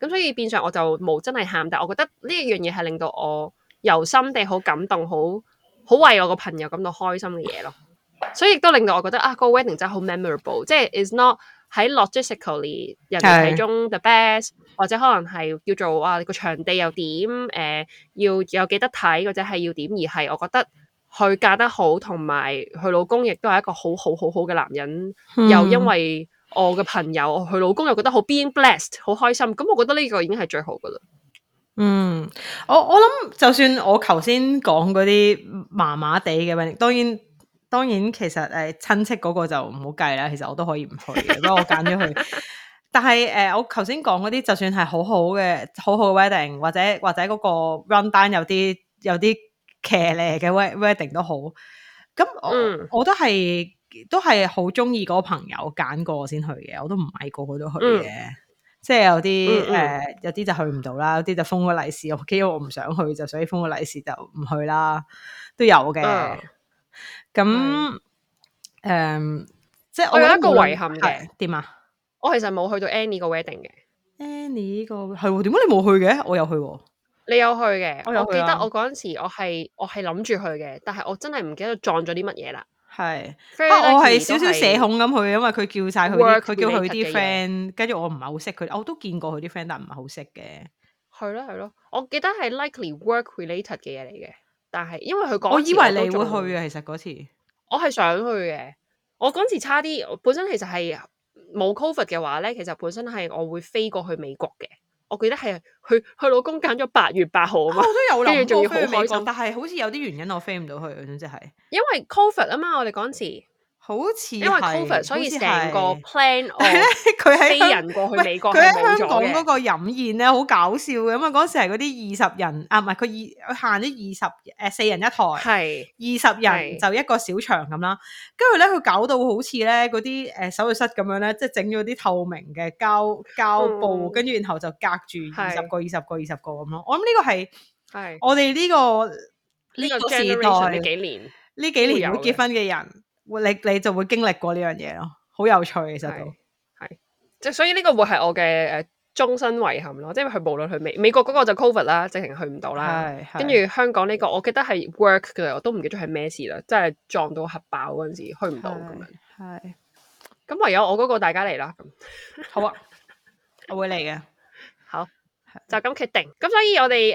咁所以變相我就冇真係喊，但係我覺得呢一樣嘢係令到我由心地好感動，好好為我個朋友感到開心嘅嘢咯，所以亦都令到我覺得啊、個 wedding 真係好 memorable，即係 is not 喺 logistically 入面其中 the best，的或者可能係叫做啊、個場地又點，誒、呃、要有幾得睇或者係要點，而係我覺得。佢嫁得好，同埋佢老公亦都係一個好好好好嘅男人。嗯、又因為我嘅朋友，佢老公又覺得好 being blessed，好開心。咁，我覺得呢個已經係最好噶啦。嗯，我我諗就算我頭先講嗰啲麻麻地嘅 w 當然當然其實誒親戚嗰個就唔好計啦。其實我都可以唔去嘅，不過我揀咗佢。 但係誒、呃，我頭先講嗰啲，就算係好好嘅好好嘅 wedding，或者或者嗰個 run down 有啲有啲，有騎呢嘅 wedding 都好，咁我、嗯、我都係都係好中意嗰個朋友揀過我先去嘅，我都唔係個個都去嘅，嗯、即係有啲誒、嗯嗯呃，有啲就去唔到啦，有啲就封個利是，我基於我唔想去就所以封個利是就唔去啦，都有嘅。咁誒、嗯嗯嗯，即係我，我有一個遺憾嘅點、呃、啊，我其實冇去到 Annie 個 wedding 嘅，Annie 個係，點解你冇去嘅？我有去。你有去嘅，我記得我嗰陣時，我係我係諗住去嘅，但係我真係唔記得撞咗啲乜嘢啦。係，啊，我係少少社恐咁去，因為佢叫晒佢，佢叫佢啲 friend，跟住我唔係好識佢，我都見過佢啲 friend，但唔係好識嘅。係咯係咯，我記得係 likely work related 嘅嘢嚟嘅，但係因為佢講，我以為你會去嘅，其實嗰次我係想去嘅，我嗰陣時差啲，本身其實係冇 COVID 嘅話咧，其實本身係我會飛過去美國嘅。我記得係佢佢老公揀咗八月八號啊嘛，我都有諗過去美國，但係好似有啲原因我飛唔到去，總之係因為 Covid 啊嘛，我哋嗰陣時。好似因為 COVID，所以成個 plan 係，好似係。係咧，佢喺香港嗰個飲宴咧，好搞笑嘅。咁啊，嗰時係嗰啲二十人，啊，唔係佢二，佢行咗二十，誒，四人一台，係二十人就一個小場咁啦。跟住咧，佢搞到好似咧嗰啲誒手術室咁樣咧，即係整咗啲透明嘅膠膠布，跟住然後就隔住二十個、二十個、二十個咁咯。我諗呢個係，係我哋呢個呢個時代，呢幾年呢幾年結婚嘅人。你你就會經歷過呢樣嘢咯，好有趣其實都係，即係所以呢個會係我嘅誒終身遺憾咯，即係佢無論去美美國嗰個就 Covid 啦，直情去唔到啦，跟住香港呢個我記得係 work 嘅，我都唔記得係咩事啦，即係撞到核爆嗰陣時去唔到咁樣，係，咁唯有我嗰個大家嚟啦。好啊！ 我會嚟嘅。就咁決定，咁所以我哋誒，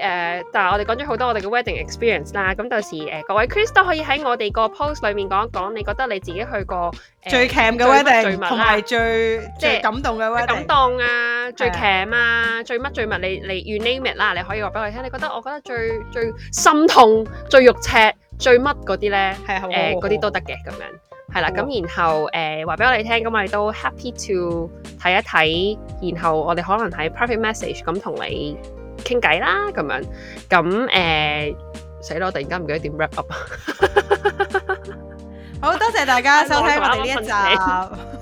但、呃、係我哋講咗好多我哋嘅 wedding experience 啦，咁到時誒、呃、各位 Chris 都可以喺我哋個 post 裏面講一講，你覺得你自己去過、呃、最 camp 嘅 wedding，同埋最即係最感動嘅 wedding，感動啊，最 camp 啊，的最乜最乜，你你 you name it 啦，你可以話俾我哋聽，你覺得我覺得最最，最心痛、最肉赤、最乜嗰啲咧，誒嗰啲都得嘅咁樣。係啦，咁然後誒話俾我哋聽，咁我哋都 happy to 睇一睇，然後我哋可能喺 private message 咁同你傾偈啦，咁樣，咁誒死咯，呃、突然間唔記得點 wrap up， 好多謝大家收睇我哋呢一集。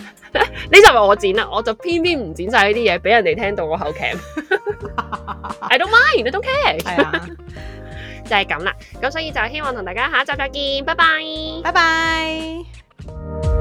你就係我剪啦，我就偏偏唔剪晒呢啲嘢俾人哋聽到我口 c I don't mind，I don't care， 啊、 就係咁啦，咁所以就希望同大家下一集再見，拜拜，拜拜。